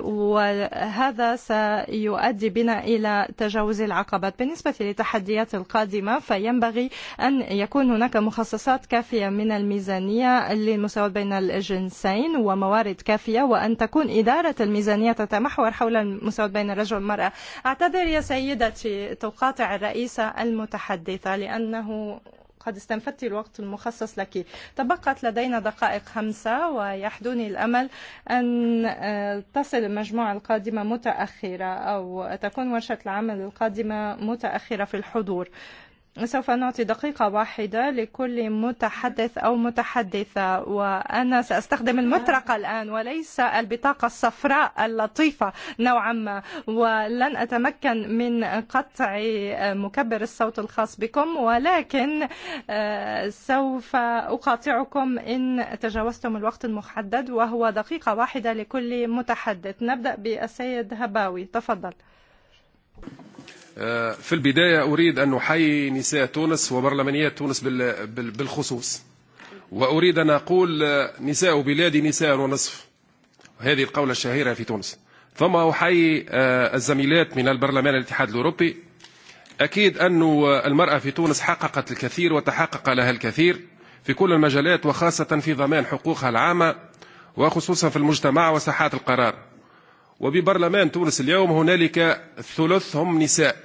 وهذا سيؤدي بنا إلى تجاوز العقبات بالنسبة للتحديات القادمة فينبغي أن يكون هناك مخصصات كافية من الميزانية للمساواة بين الجنسين وموارد كافية وأن تكون إدارة الميزانية تتمحور حول المساواة بين الرجل والمرأة أعتذر يا سيدتي تقاطع الرئيسة المتحدثة لأنه قد استنفدت الوقت المخصص لك تبقت لدينا دقائق خمسة ويحدوني الأمل أن تصل المجموعة القادمة متأخرة أو تكون ورشة العمل القادمة متأخرة في الحضور سوف نعطي دقيقة واحدة لكل متحدث أو متحدثة وأنا سأستخدم المطرقة الآن وليس البطاقة الصفراء اللطيفة نوعا ما ولن أتمكن من قطع مكبر الصوت الخاص بكم ولكن سوف أقاطعكم إن تجاوزتم الوقت المحدد وهو دقيقة واحدة لكل متحدث نبدأ بالسيد هباوي تفضل في البداية أريد أن أحيي نساء تونس وبرلمانيات تونس بالخصوص وأريد أن أقول نساء بلادي نساء ونصف هذه القولة الشهيرة في تونس ثم أحيي الزميلات من البرلمان الاتحاد الأوروبي أكيد أن المرأة في تونس حققت الكثير وتحقق لها الكثير في كل المجالات وخاصة في ضمان حقوقها العامة وخصوصا في المجتمع وساحات القرار وببرلمان تونس اليوم هنالك ثلث هم نساء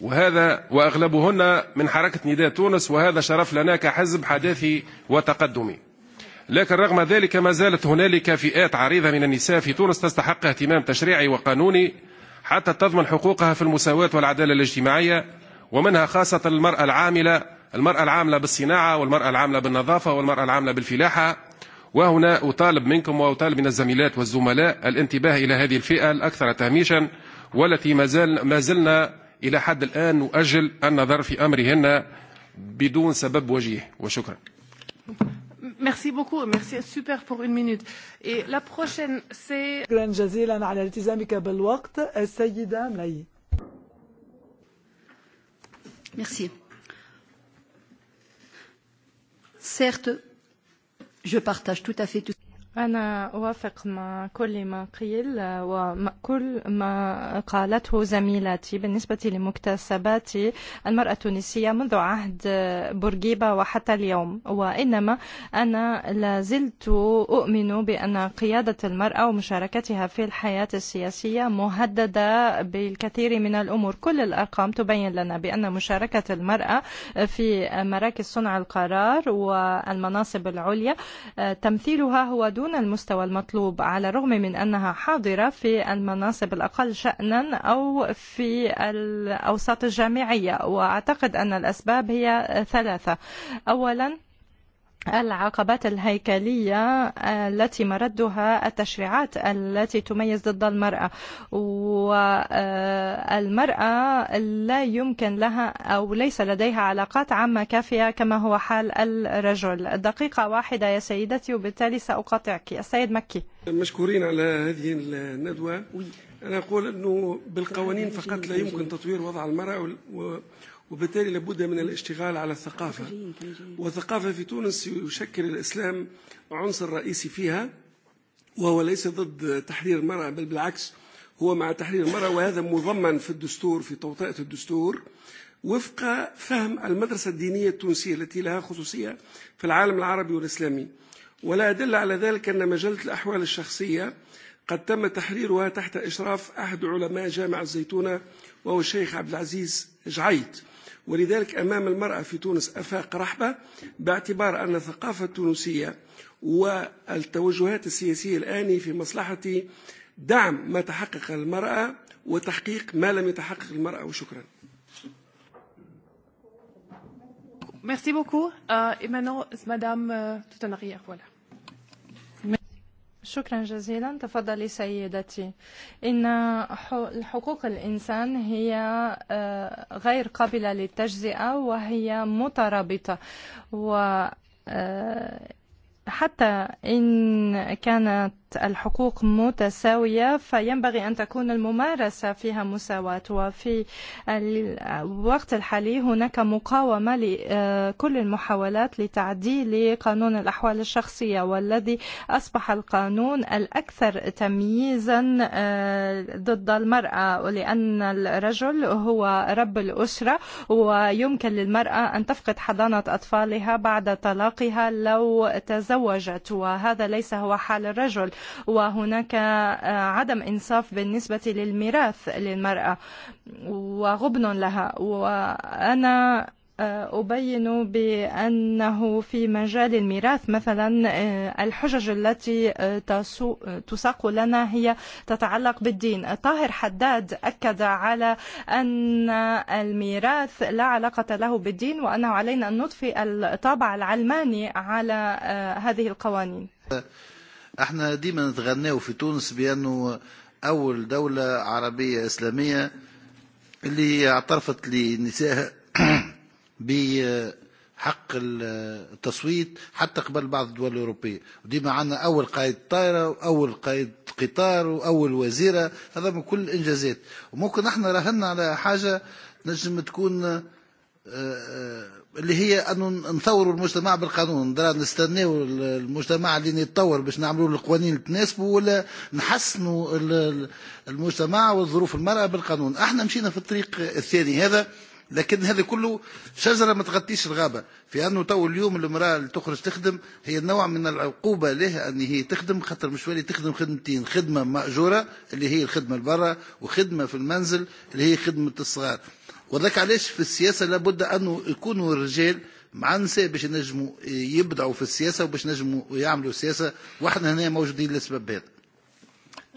وهذا وأغلبهن من حركة نداء تونس وهذا شرف لنا كحزب حداثي وتقدمي لكن رغم ذلك ما زالت هنالك فئات عريضة من النساء في تونس تستحق اهتمام تشريعي وقانوني حتى تضمن حقوقها في المساواة والعدالة الاجتماعية ومنها خاصة المرأة العاملة المرأة العاملة بالصناعة والمرأة العاملة بالنظافة والمرأة العاملة بالفلاحة وهنا أطالب منكم وأطالب من الزميلات والزملاء الانتباه إلى هذه الفئة الأكثر تهميشا والتي ما, زال ما زلنا إلى حد الآن نؤجل النظر في أمرهن بدون سبب وجيه وشكرا Merci beaucoup, merci super pour une minute. Et la prochaine c'est شكرا جزيلا على التزامك بالوقت السيدة ملاي. Merci. Certes, Je partage tout à fait tout. أنا أوافق مع كل ما قيل وكل ما قالته زميلاتي بالنسبة لمكتسبات المرأة التونسية منذ عهد بورقيبة وحتى اليوم وإنما أنا لازلت أؤمن بأن قيادة المرأة ومشاركتها في الحياة السياسية مهددة بالكثير من الأمور كل الأرقام تبين لنا بأن مشاركة المرأة في مراكز صنع القرار والمناصب العليا تمثيلها هو دون دون المستوى المطلوب على الرغم من أنها حاضرة في المناصب الأقل شأنا أو في الأوساط الجامعية وأعتقد أن الأسباب هي ثلاثة أولا العقبات الهيكلية التي مردها التشريعات التي تميز ضد المرأة والمرأة لا يمكن لها أو ليس لديها علاقات عامة كافية كما هو حال الرجل دقيقة واحدة يا سيدتي وبالتالي سأقاطعك السيد مكي مشكورين على هذه الندوة أنا أقول أنه بالقوانين فقط لا يمكن تطوير وضع المرأة وبالتالي لابد من الاشتغال على الثقافة والثقافة في تونس يشكل الإسلام عنصر رئيسي فيها وهو ليس ضد تحرير المرأة بل بالعكس هو مع تحرير المرأة وهذا مضمن في الدستور في توطئة الدستور وفق فهم المدرسة الدينية التونسية التي لها خصوصية في العالم العربي والإسلامي ولا أدل على ذلك أن مجلة الأحوال الشخصية قد تم تحريرها تحت إشراف أحد علماء جامع الزيتونة وهو الشيخ عبد العزيز جعيت ولذلك أمام المرأة في تونس أفاق رحبة باعتبار أن الثقافة التونسية والتوجهات السياسية الآن في مصلحة دعم ما تحقق المرأة وتحقيق ما لم يتحقق المرأة وشكرا Merci beaucoup. Euh, et maintenant, Madame euh, tout en arrière, voilà. شكرا جزيلا تفضلي سيدتي إن حقوق الإنسان هي غير قابلة للتجزئة وهي مترابطة و إن كانت الحقوق متساوية فينبغي أن تكون الممارسة فيها مساواة وفي الوقت الحالي هناك مقاومة لكل المحاولات لتعديل قانون الأحوال الشخصية والذي أصبح القانون الأكثر تمييزا ضد المرأة لأن الرجل هو رب الأسرة ويمكن للمرأة أن تفقد حضانة أطفالها بعد طلاقها لو تزوجت وهذا ليس هو حال الرجل وهناك عدم إنصاف بالنسبة للميراث للمرأة وغبن لها وأنا أبين بأنه في مجال الميراث مثلا الحجج التي تساق لنا هي تتعلق بالدين طاهر حداد أكد على أن الميراث لا علاقة له بالدين وأنه علينا أن نضفي الطابع العلماني على هذه القوانين احنا ديما نتغنيو في تونس بانه اول دولة عربية اسلامية اللي اعترفت لنساء بحق التصويت حتى قبل بعض الدول الأوروبية وديما عندنا اول قائد طائرة واول قائد قطار واول وزيرة هذا من كل الإنجازات وممكن احنا راهنا على حاجة نجم تكون اللي هي أن نثوروا المجتمع بالقانون درا نستناو المجتمع اللي يتطور باش نعملوا القوانين اللي تناسبه ولا نحسنوا المجتمع والظروف المرأة بالقانون احنا مشينا في الطريق الثاني هذا لكن هذا كله شجرة ما تغطيش الغابة في أنه تو اليوم المرأة اللي تخرج تخدم هي نوع من العقوبة لها أن هي تخدم خطر مش تخدم خدمتين خدمة مأجورة اللي هي الخدمة البرة وخدمة في المنزل اللي هي خدمة الصغار ولذلك علاش في السياسة لابد أنه يكونوا الرجال مع النساء باش نجموا يبدعوا في السياسة وباش نجموا يعملوا سياسة وإحنا هنا موجودين للأسباب هذا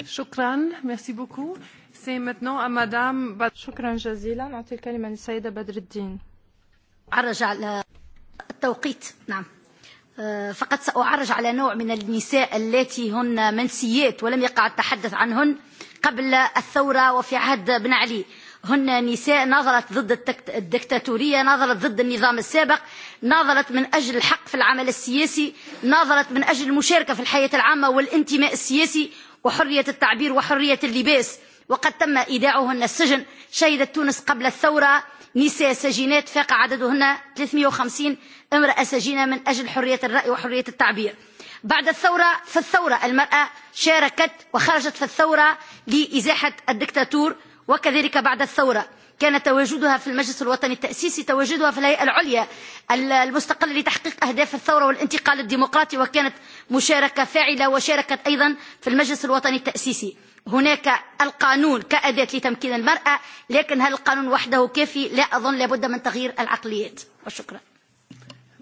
شكرا ميرسي بوكو سي ماتنون مدام شكرا جزيلا نعطي الكلمة للسيدة بدر الدين أرجع على التوقيت نعم فقط سأعرج على نوع من النساء التي هن منسيات ولم يقع التحدث عنهن قبل الثورة وفي عهد بن علي هن نساء نظرت ضد الدكتاتورية نظرت ضد النظام السابق نظرت من أجل الحق في العمل السياسي نظرت من أجل المشاركة في الحياة العامة والانتماء السياسي وحرية التعبير وحرية اللباس وقد تم إيداعهن السجن شهدت تونس قبل الثورة نساء سجينات فاق عددهن 350 امرأة سجينة من أجل حرية الرأي وحرية التعبير بعد الثورة في الثورة المرأة شاركت وخرجت في الثورة لإزاحة الدكتاتور وكذلك بعد الثورة كان تواجدها في المجلس الوطني التأسيسي تواجدها في الهيئة العليا المستقلة لتحقيق أهداف الثورة والانتقال الديمقراطي وكانت مشاركة فاعلة وشاركت أيضا في المجلس الوطني التأسيسي هناك القانون كأداة لتمكين المرأة لكن هل القانون وحده كافي لا أظن لابد من تغيير العقليات وشكرا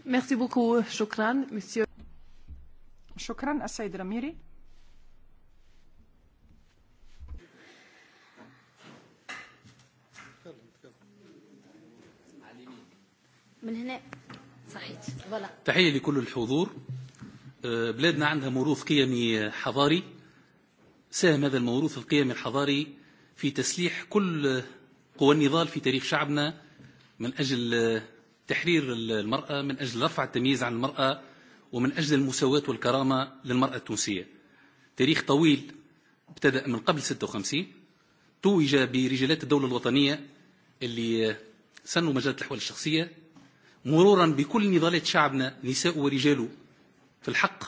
شكرا, شكرا السيد رميري. من هنا صحيت فوالا تحيه لكل الحضور بلادنا عندها موروث قيمي حضاري ساهم هذا الموروث القيمي الحضاري في تسليح كل قوى النضال في تاريخ شعبنا من أجل تحرير المرأة من أجل رفع التمييز عن المرأة ومن أجل المساواة والكرامة للمرأة التونسية تاريخ طويل ابتدأ من قبل 56 توج برجالات الدولة الوطنية اللي سنوا مجلة الأحوال الشخصية مرورا بكل نضالات شعبنا نساء ورجاله في الحق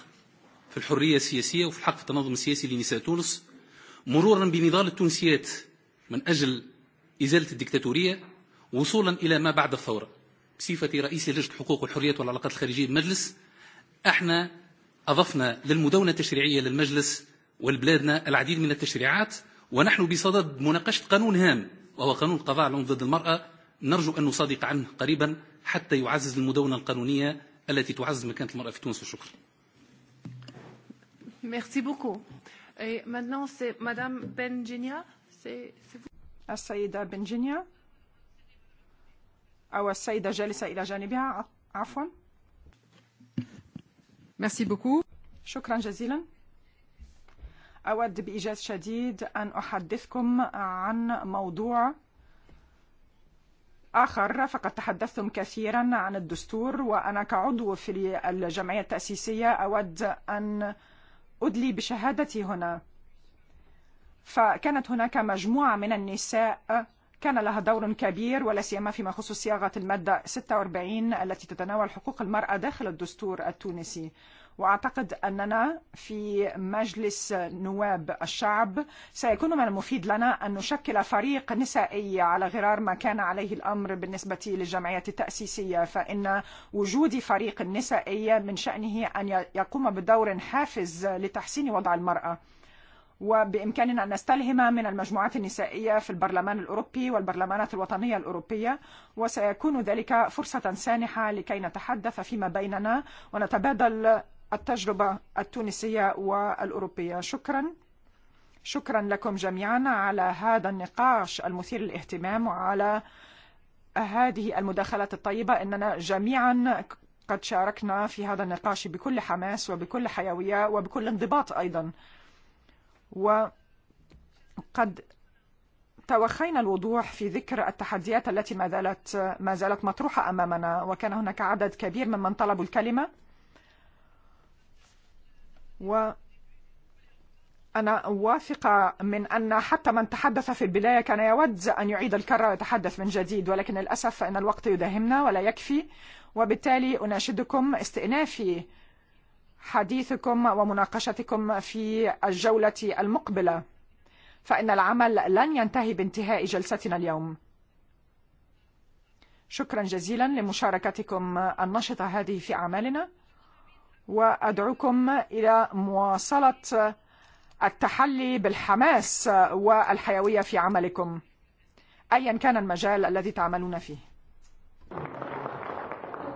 في الحرية السياسية وفي الحق في التنظم السياسي لنساء تونس مرورا بنضال التونسيات من أجل إزالة الدكتاتورية وصولا إلى ما بعد الثورة بصفتي رئيس لجنة الحقوق والحريات والعلاقات الخارجية بالمجلس احنا أضفنا للمدونة التشريعية للمجلس ولبلادنا العديد من التشريعات ونحن بصدد مناقشة قانون هام وهو قانون القضاء على ضد المرأة نرجو أن نصادق عنه قريبا حتى يعزز المدونة القانونية التي تعزز مكانة المرأة في تونس وشكرا Merci beaucoup. Et maintenant, c'est Madame Benjinia. C'est vous. السيدة أو السيدة جالسة إلى جانبها عفوا. Merci beaucoup. شكرا جزيلا. أود بإيجاز شديد أن أحدثكم عن موضوع آخر فقد تحدثتم كثيرا عن الدستور وأنا كعضو في الجمعية التأسيسية أود أن أدلي بشهادتي هنا فكانت هناك مجموعة من النساء كان لها دور كبير ولا سيما فيما يخص صياغة المادة 46 التي تتناول حقوق المرأة داخل الدستور التونسي وأعتقد أننا في مجلس نواب الشعب سيكون من المفيد لنا أن نشكل فريق نسائي على غرار ما كان عليه الأمر بالنسبة للجمعيات التأسيسية فإن وجود فريق نسائي من شأنه أن يقوم بدور حافز لتحسين وضع المرأة وبإمكاننا أن نستلهم من المجموعات النسائية في البرلمان الأوروبي والبرلمانات الوطنية الأوروبية وسيكون ذلك فرصة سانحة لكي نتحدث فيما بيننا ونتبادل التجربة التونسية والأوروبية شكرا شكرا لكم جميعا على هذا النقاش المثير للاهتمام وعلى هذه المداخلات الطيبة إننا جميعا قد شاركنا في هذا النقاش بكل حماس وبكل حيوية وبكل انضباط أيضا وقد توخينا الوضوح في ذكر التحديات التي ما زالت ما زالت مطروحة أمامنا وكان هناك عدد كبير من من طلبوا الكلمة وأنا واثقة من أن حتى من تحدث في البداية كان يود أن يعيد الكرة ويتحدث من جديد ولكن للأسف فإن الوقت يداهمنا ولا يكفي وبالتالي أناشدكم استئنافي حديثكم ومناقشتكم في الجولة المقبلة فإن العمل لن ينتهي بانتهاء جلستنا اليوم شكرا جزيلا لمشاركتكم النشطة هذه في أعمالنا وأدعوكم إلى مواصلة التحلي بالحماس والحيوية في عملكم أيا كان المجال الذي تعملون فيه